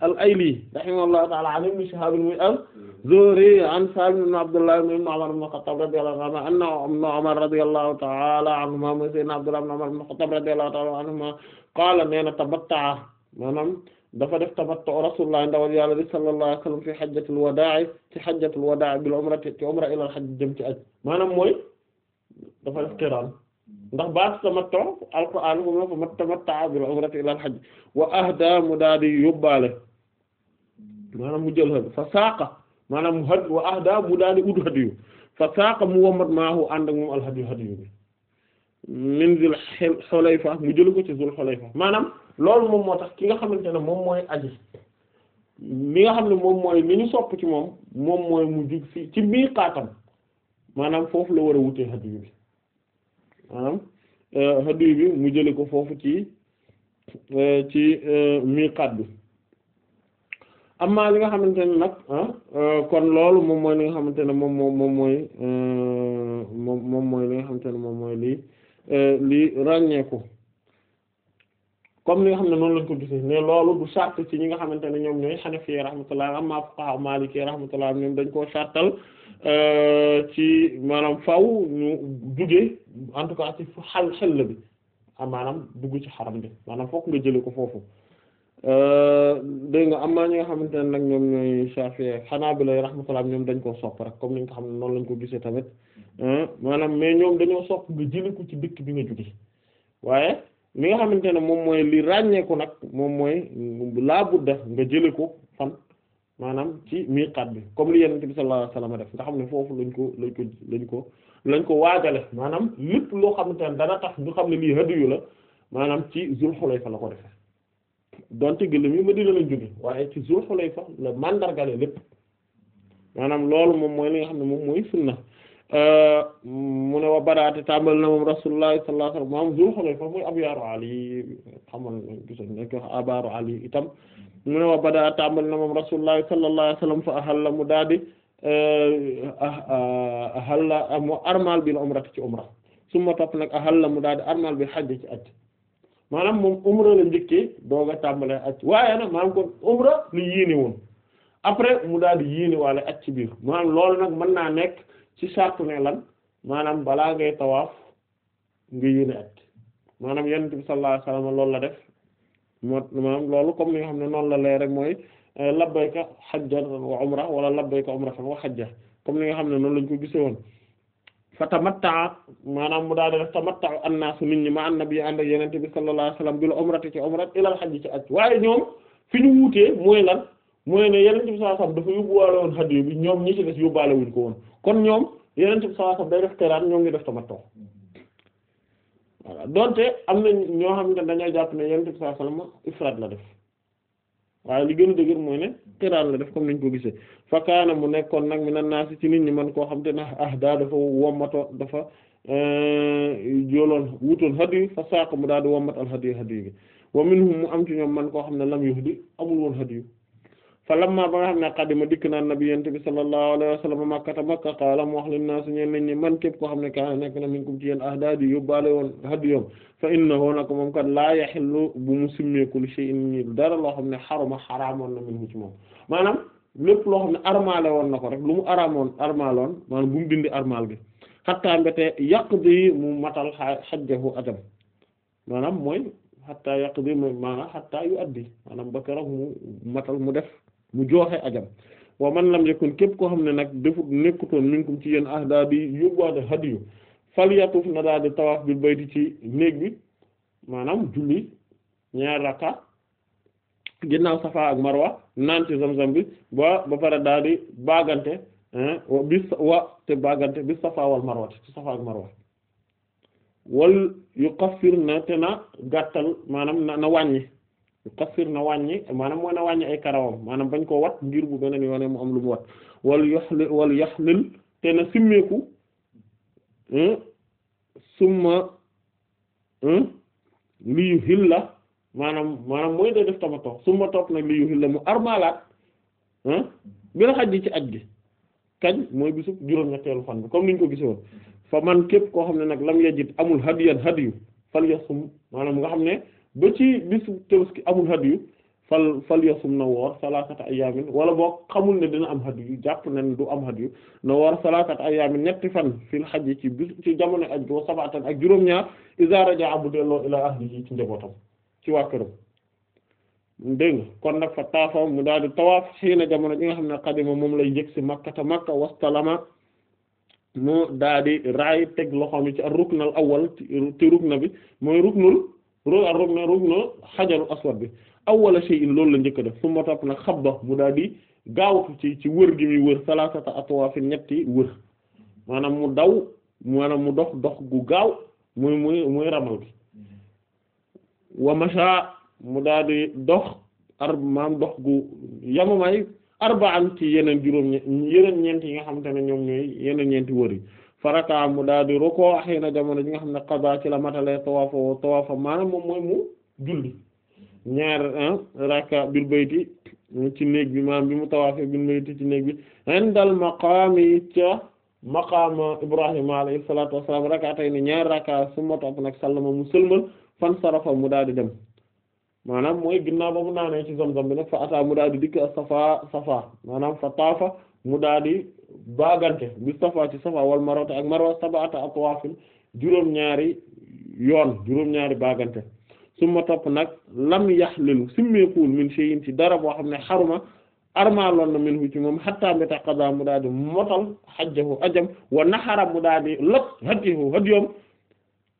al-Ayli rahimahullahu ta'ala an Ibn Shihab az-Zuhri an Salim ibn Abdullah ibn Umar ibn Khattab radiyallahu anhu anna Ibn Umar radiyallahu ta'ala anhuma mu sayyidina Abdullah ibn Umar ibn Khattab radiyallahu ta'ala anhuma qaala neena tabatta'a maanaam dafa def tabattu Rasulullah ndawal Yàlla bi sallallahu alayhi wa sallam fi hajjatil wadaa' ci hajjatil wadaa' bil umrati ci umra ila al-hajj jëm ci aj maanaam mooy dafa def qiraan ndax baat tamatta alquran moom la fa mat tamatta bil umrati ila al wa ahda mu daal di yóbbaale maanaam mu jël fa saaka maanaam mu had wa ahda mu daal di ut hadiyu fa saaqa mu wommat maahu ànd ak moom al hadiyu hadiyu bi min zul xulayfa mu jël ko ci zul xulayfa maanaam loolu moom moo tax ki nga xamante ne moom mooy aji nga xam ne moom mooy li ñu sopp ci moom moom mooy mu jug fii ci miiqaatam maanaam foofu la war a wutee hadiyu bi Euh, hadiyu bi mu jële ko foofu ci euh, ci euh, miqaat bi amma li nga xamante ne nag ah, kon loolu moom mooy li nga xamante ne moom moom moom mooy moom moom mooy li nga xamante ne moom mooy lii lii ràññeeku comme li nga xam ne noonu lañ ko gisee ne loolu du sart ci ñi nga xamante ne ñoom ñooy Hanafi rahmatullah amma fuqaha Maliki rahmatullah ñoom dañ koo sartal Euh, ci maanaam faw ñu duggee en tout cas ci xal xel bi am ah, maanaam dugg ci xaram bi maanaam fokk nga jële ko foofu euh, dégg nga am ñi nga xamante ne nag ñoom ñooy Shafi'i xanaa bi lay rahmatullah ñoom dañ koo sopp rek comme ni nga xam ne noonu lañ ko gisee tamit euh, maanaam mais ñoom dañoo sopp nga jële ko ci dëkk bi nga jóge waaye li nga xamante ne moom mooy li ràññeeku nag moom mooy laa budda nga jële ko fan maanaam ci miqaat bi comme li yonent bi sallallahu alayhi wasallam def nga xam ne foofu lañ ko lañ ko lañ ko lañ ko waajale maanaam lépp loo xamante ne dana tax ñu xam ne lii hadiyu la maanaam ci Zul Xulayfa la ko defee donte gëléem yi Madina lañ jóge waaye ci Zul Xulayfa la mandargale lépp maanaam loolu moom mooy li xam ne moom mooy sunna euh, mu ne wa badaate tàmbal na moom Rasulullah sallallahu alayhi wasallam maanaam Zul Xulayfa mooy Abyaaru Ali xamoon gisoon nañ ko Abaaru Ali itam mu ne wa bada tàmbali na moom rasulullah sallallahu alayhi wasallam fa mu daal di eh, ah, ah, ahalla mu armal bil umrati ci umra suma topp nag ahalla mu daal di bi hajj ci aj maanaam moom umra la njëkkee doog a tàmbalee après mu daal di yéene waale ci biir maanaam lool nag mën naa nekk ci sartu ne lan maanaam balaa ngay tawaaf nga yéene aj maanaam yonent bi sallallahu alayhi wasallam loolu la def moo maanaam loolu comme li nga xam ne noonu la leer rek mooy euh, labbayka hajjatan wa umra wala labbayka umratan wa hajja comme li nga xam ne noonu lañ ko gisee woon fa tamatta maanaam mu daal di def tamatta ma annabi ànd ak yenente bi sallallahu alayhi wasallam bi la umrati ci umrat ilal hajj ci aj waaye ñoom fi ñu wuutee mooy lan mooy ne yenente bi sallallahu alayhi wasallam dafa yóbbuwaale woon hadiyu bi ñoom ñi ci des yóbbaale wuñ ko woon kon ñoom yenente bi sallallahu alayhi wasallam day def teeraan ñoom ñu def tamatta voilà donte am na ñoo xam ne dañoo jàpp ne yonent bi sallallahu alayhi wasallam ifraad la def waaye li gën a dëgër mooy ne xiraan la def comme niñ ko gisee fakkaana mu nekkoon nag mi nan naa ci nit ñi man koo xam te ne ah daa dafa wommato dafa euh, jooloon wutoon hadiyu fa saako mu daal di wommat al hadiyu hadiyu bi wa minhum mu am ci ñoom man koo xam ne lam yuhdi amul woon hadiyu fa lamma ba nga xam ne qadima dikk na nabi yent bi sallallahu alayhi wa sallam makkata makka qaala mu wax lin naas ñeen nañ na minkum ci yéen moom kat laa yaxillu bu mu simmeeku li shay'in ñi dara loo xam ne xaruma xaraamoon na min ci moom maanaam lépp loo xam ne armaale woon na ko rek lu mu araamoon armaaloon maanaam bu mu dindi armaal gi xattaa mbete yaqdi mu matal xajjahu atam maanaam mooy xattaa yaqdi maanaam xattaa yu addi maanaam ba keroog mu matal mu def mu joxe ajam wa man lam yakun képp koo xam ne nag defut nekkutoon minkum ci yéen ah daal di yóbbuwaate hadiyu fal yatuf na daal di tawaaf bayti ci néeg bi maanaam julli ñaar rakka ginnaaw safa ak marwa naan ci bi ba ba pare daal di baagante bi wa te baagante bi safa wal marwa ci safa ak marwa wal yuqaffir na te na gàttal maanaam na na wàññi kassir na wàññi maanaam mooy na wàññi ay karawam maanaam bañ koo wat ngir bu beneen yoone mu am lu mu wat wal yaxli wal yaxlil te na simmeeku hmm, summa hmm, liyu xil la maanaam maanaam mooy day def tamatoo summa topp nag liyu xil la mu armalaat bi hmm, la xaj ci aj gi kañ mooy bisu juróom-ñetteelu fan bi comme niñ ko gisoon fa man képp koo xam ne nag lam yajit amul hadiyan hadiyu fal yasum maanaam nga xam ne ba ci bisu tabaski amul hadiyu fal fal yasum na woor salaasata ayaamin wala boo xamul ne dina am hadiyu jàpp na ne du am hadiyu na woor salaasata ayaamin ñetti fan fil hajji ci bis ci jamono aj wa sab'atan ak juróom-ñaar iza raja'a bu delloo ilaa ahlihi ci njabootam ci waa këram nga kon nag daal di tawaaf xiina jamono ji nga xam ne qadima moom lay yëg si makkata makka wastalama mu daal raay teg loxoom yi ci ar ruknal awwal ci na bi mooy ruknul rog na rog na xajaru aswad bi awwala shay'in loolu la njëkk def su ma na nag xabba mu daal di gaawtu ci ci wër gi muy wër salasata atwaafin ñetti wër maanaam mu daw maanaam mu dox dox gu gaaw muy muy muy ramal gi wa masha mu daal di dox ar maam dox gu yamamay arba'an ci yeneen juróom yeneen ñeent yi nga xamante ne ñoom ñooy yeneen ñeenti wër yi faraka mu daal di roko xiina ji nga xam ne qada ci la matale tawaafa woo tawaafa maanaam moom mooy mu julli ñaar raka bil ci néeg bi maanaam bi mu tawaafe bil bayti ci néeg bi indal maqaami ca maqaama ibrahima alayhi salatu wassalam rakatay ne ñaar raka suma topp nag sallama mu sëlmal fan sarafa mu daal di dem maanaam mooy ginnaaw ba mu naanee ci zamzam bi nag fa ata mu daal di dikk safa safa maanaam fa taafa mu daal di baagante bi safa ci safa wal marwa ak marwa sab'ata atwaafin juróom-ñaari yoon juróom-ñaari baagante su ma topp nag lam yaxlilu simmeekuwul min shay'in ci dara boo xam ne xaruma armaaloon na min hu ci moom hatta mbéta qada mu daal di motal hajjahu ajam wa naxara mu daal di loj hadihu hadiyom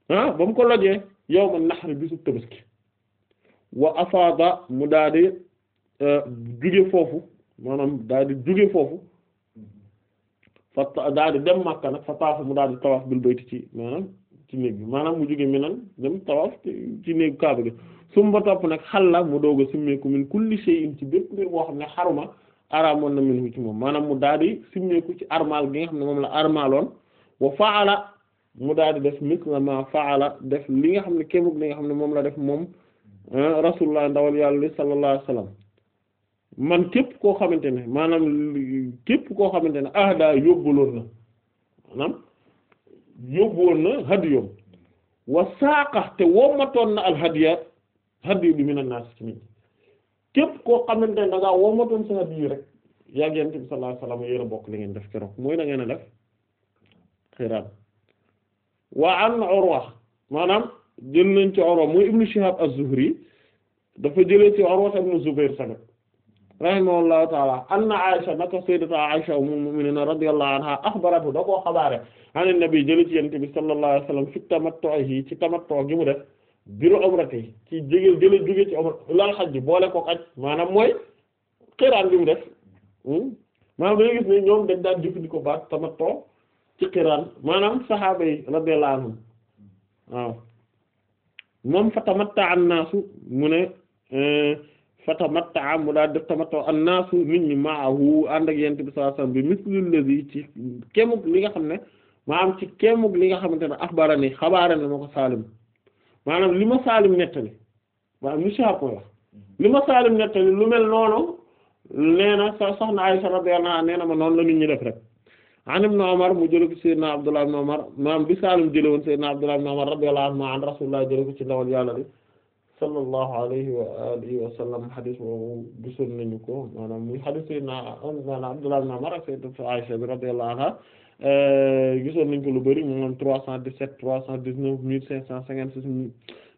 ah ba mu ko lojee yawma naxari bisub wa afaada mu daal di eh, jóge foofu maanaam daal di foofu fa daal di dem Makka nag fa taafu mu daal di tawaaf bil bayti ci maanaam ci néeg bi maanaam mu jóge Minan dem tawaaf ci néegu Kaaba gi sumba topp nag xal la mu doog a simmeeku min kulli shay'in ci bépp mbir boo xam ne xaruma araamoon na min ci moom maanaam mu daal di simmeeku ci armal gi nga xam ne moom la armaloon wa faala mu daal di def misla ma faala def li nga xam ne kémug li nga xam ne moom la def moom eh, rasulullah ndawal yàlla sallallahu alayhi wasallam man képp koo xamante ne maanaam képp koo xamante ne ahda yóbbuloon na maanaam yóbbuwoon na hadiyum wa saaqa te woo matoon na al hadiya hadiyu bi minan nas ci nit képp koo xamante ne da ngaa womatoon sa hadiyu rek yaa ngi yonent bi sallallahu alayhi wasallam bokk li ngeen def keroog mooy na ngeen a def xiraan waa an Urwa maanaam jël nañ ci Urwa muy Ibnu Shihab az-Zuhri dafa jëlee ci Urwa ibnu Zubayr tamit rahimahullahu taala anna Aisha naka sayyidatu Aisha ummul mu'minin radiyallahu anha akhbaratu da koo xabaare an nabi jëli ci yent bi sallallahu alayhi wasallam ci tamattu gi mu def biru umrati ci jege ci umra lal hajj boole ko aj maanaam mooy xiraan gi mu def hmm? maanaam dañu gis ne ñoom dañ daan jëfandikoo baat tamattu ci xiraan maanaam sahaaba yi radiyallahu anhum waaw fa tamatta an mu ne eh, fa tamatta mu daa def tamatta annaasu nit ñi maahu ànd ak yent bi sallallahu alayhi wasallam bi mislul ladhi ci kémug li nga xam ne maanaam ci kémug li nga xamante ne axbarani xabaarani ma ko saalim maanaam li ma saalim nettali maanaam li saako wax lu mel noonu nee na soxna Aysa radiyallahu a nee na ma noonu la nit ñi def rek an ibn Umar mu jële ko sayyidina Abdullah ibn Umar maanaam bi saalim jële woon sayyidina Abdullah ibn Umar radiyallahu anhu an rasulullah jële ko ci ndawal yàlla li sallallahu alayhi wa alihi wa sallam xadis boobu gisoon nañu ko maanaam muy xadis sayyidina maanaam Abdullah ibn Umar sayyidatu Aisha bi radiyallahu anha euh, gisoon nañu ko lu bari moom 317 319 1556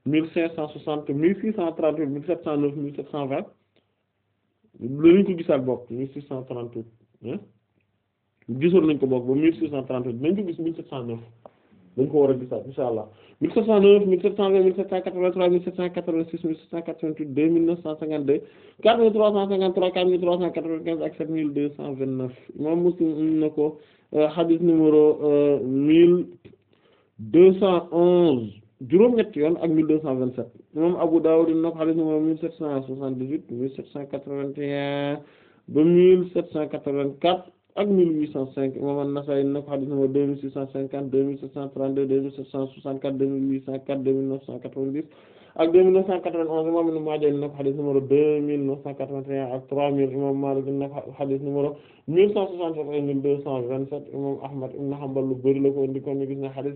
1560 1638 1709 1720 dinañ ko gisaat bokk 1638 gisoon nañu ko bokk ba 1638 dinañ ko gis 1709 dañ ko war a gisaat insha Allah 1709 1720 1783 1786 1788 2952 4353 4395 ak 7229 imam Muslim indi na ko euh, hadith numéro 1211 euh, juróom-ñett yoon ak 1227 imam Abu Dawud indi na ko hadith numéro 1778 1781 ba 1784 ak mille huit cent cinq imam An-Nasa'i na ko hadith numéro deux six cent cinquante deux mille sept cent trente-deux deux mille sept cent soixante-quatre deux mille huit cent quatre deux mille neuf cent quatre-vingt-dix ak deux mille neuf cent quatre-vingt-onze imam Ibn Maaja na ko hadith numéro deux cent quatre-vingt-un ak trois mille imam Maalik na ko hadith numéro cent soixante-sept ak mille cent vingt-sept imam Ahmad ibn Hanbal lu ko indi kon ñu gis ne hadith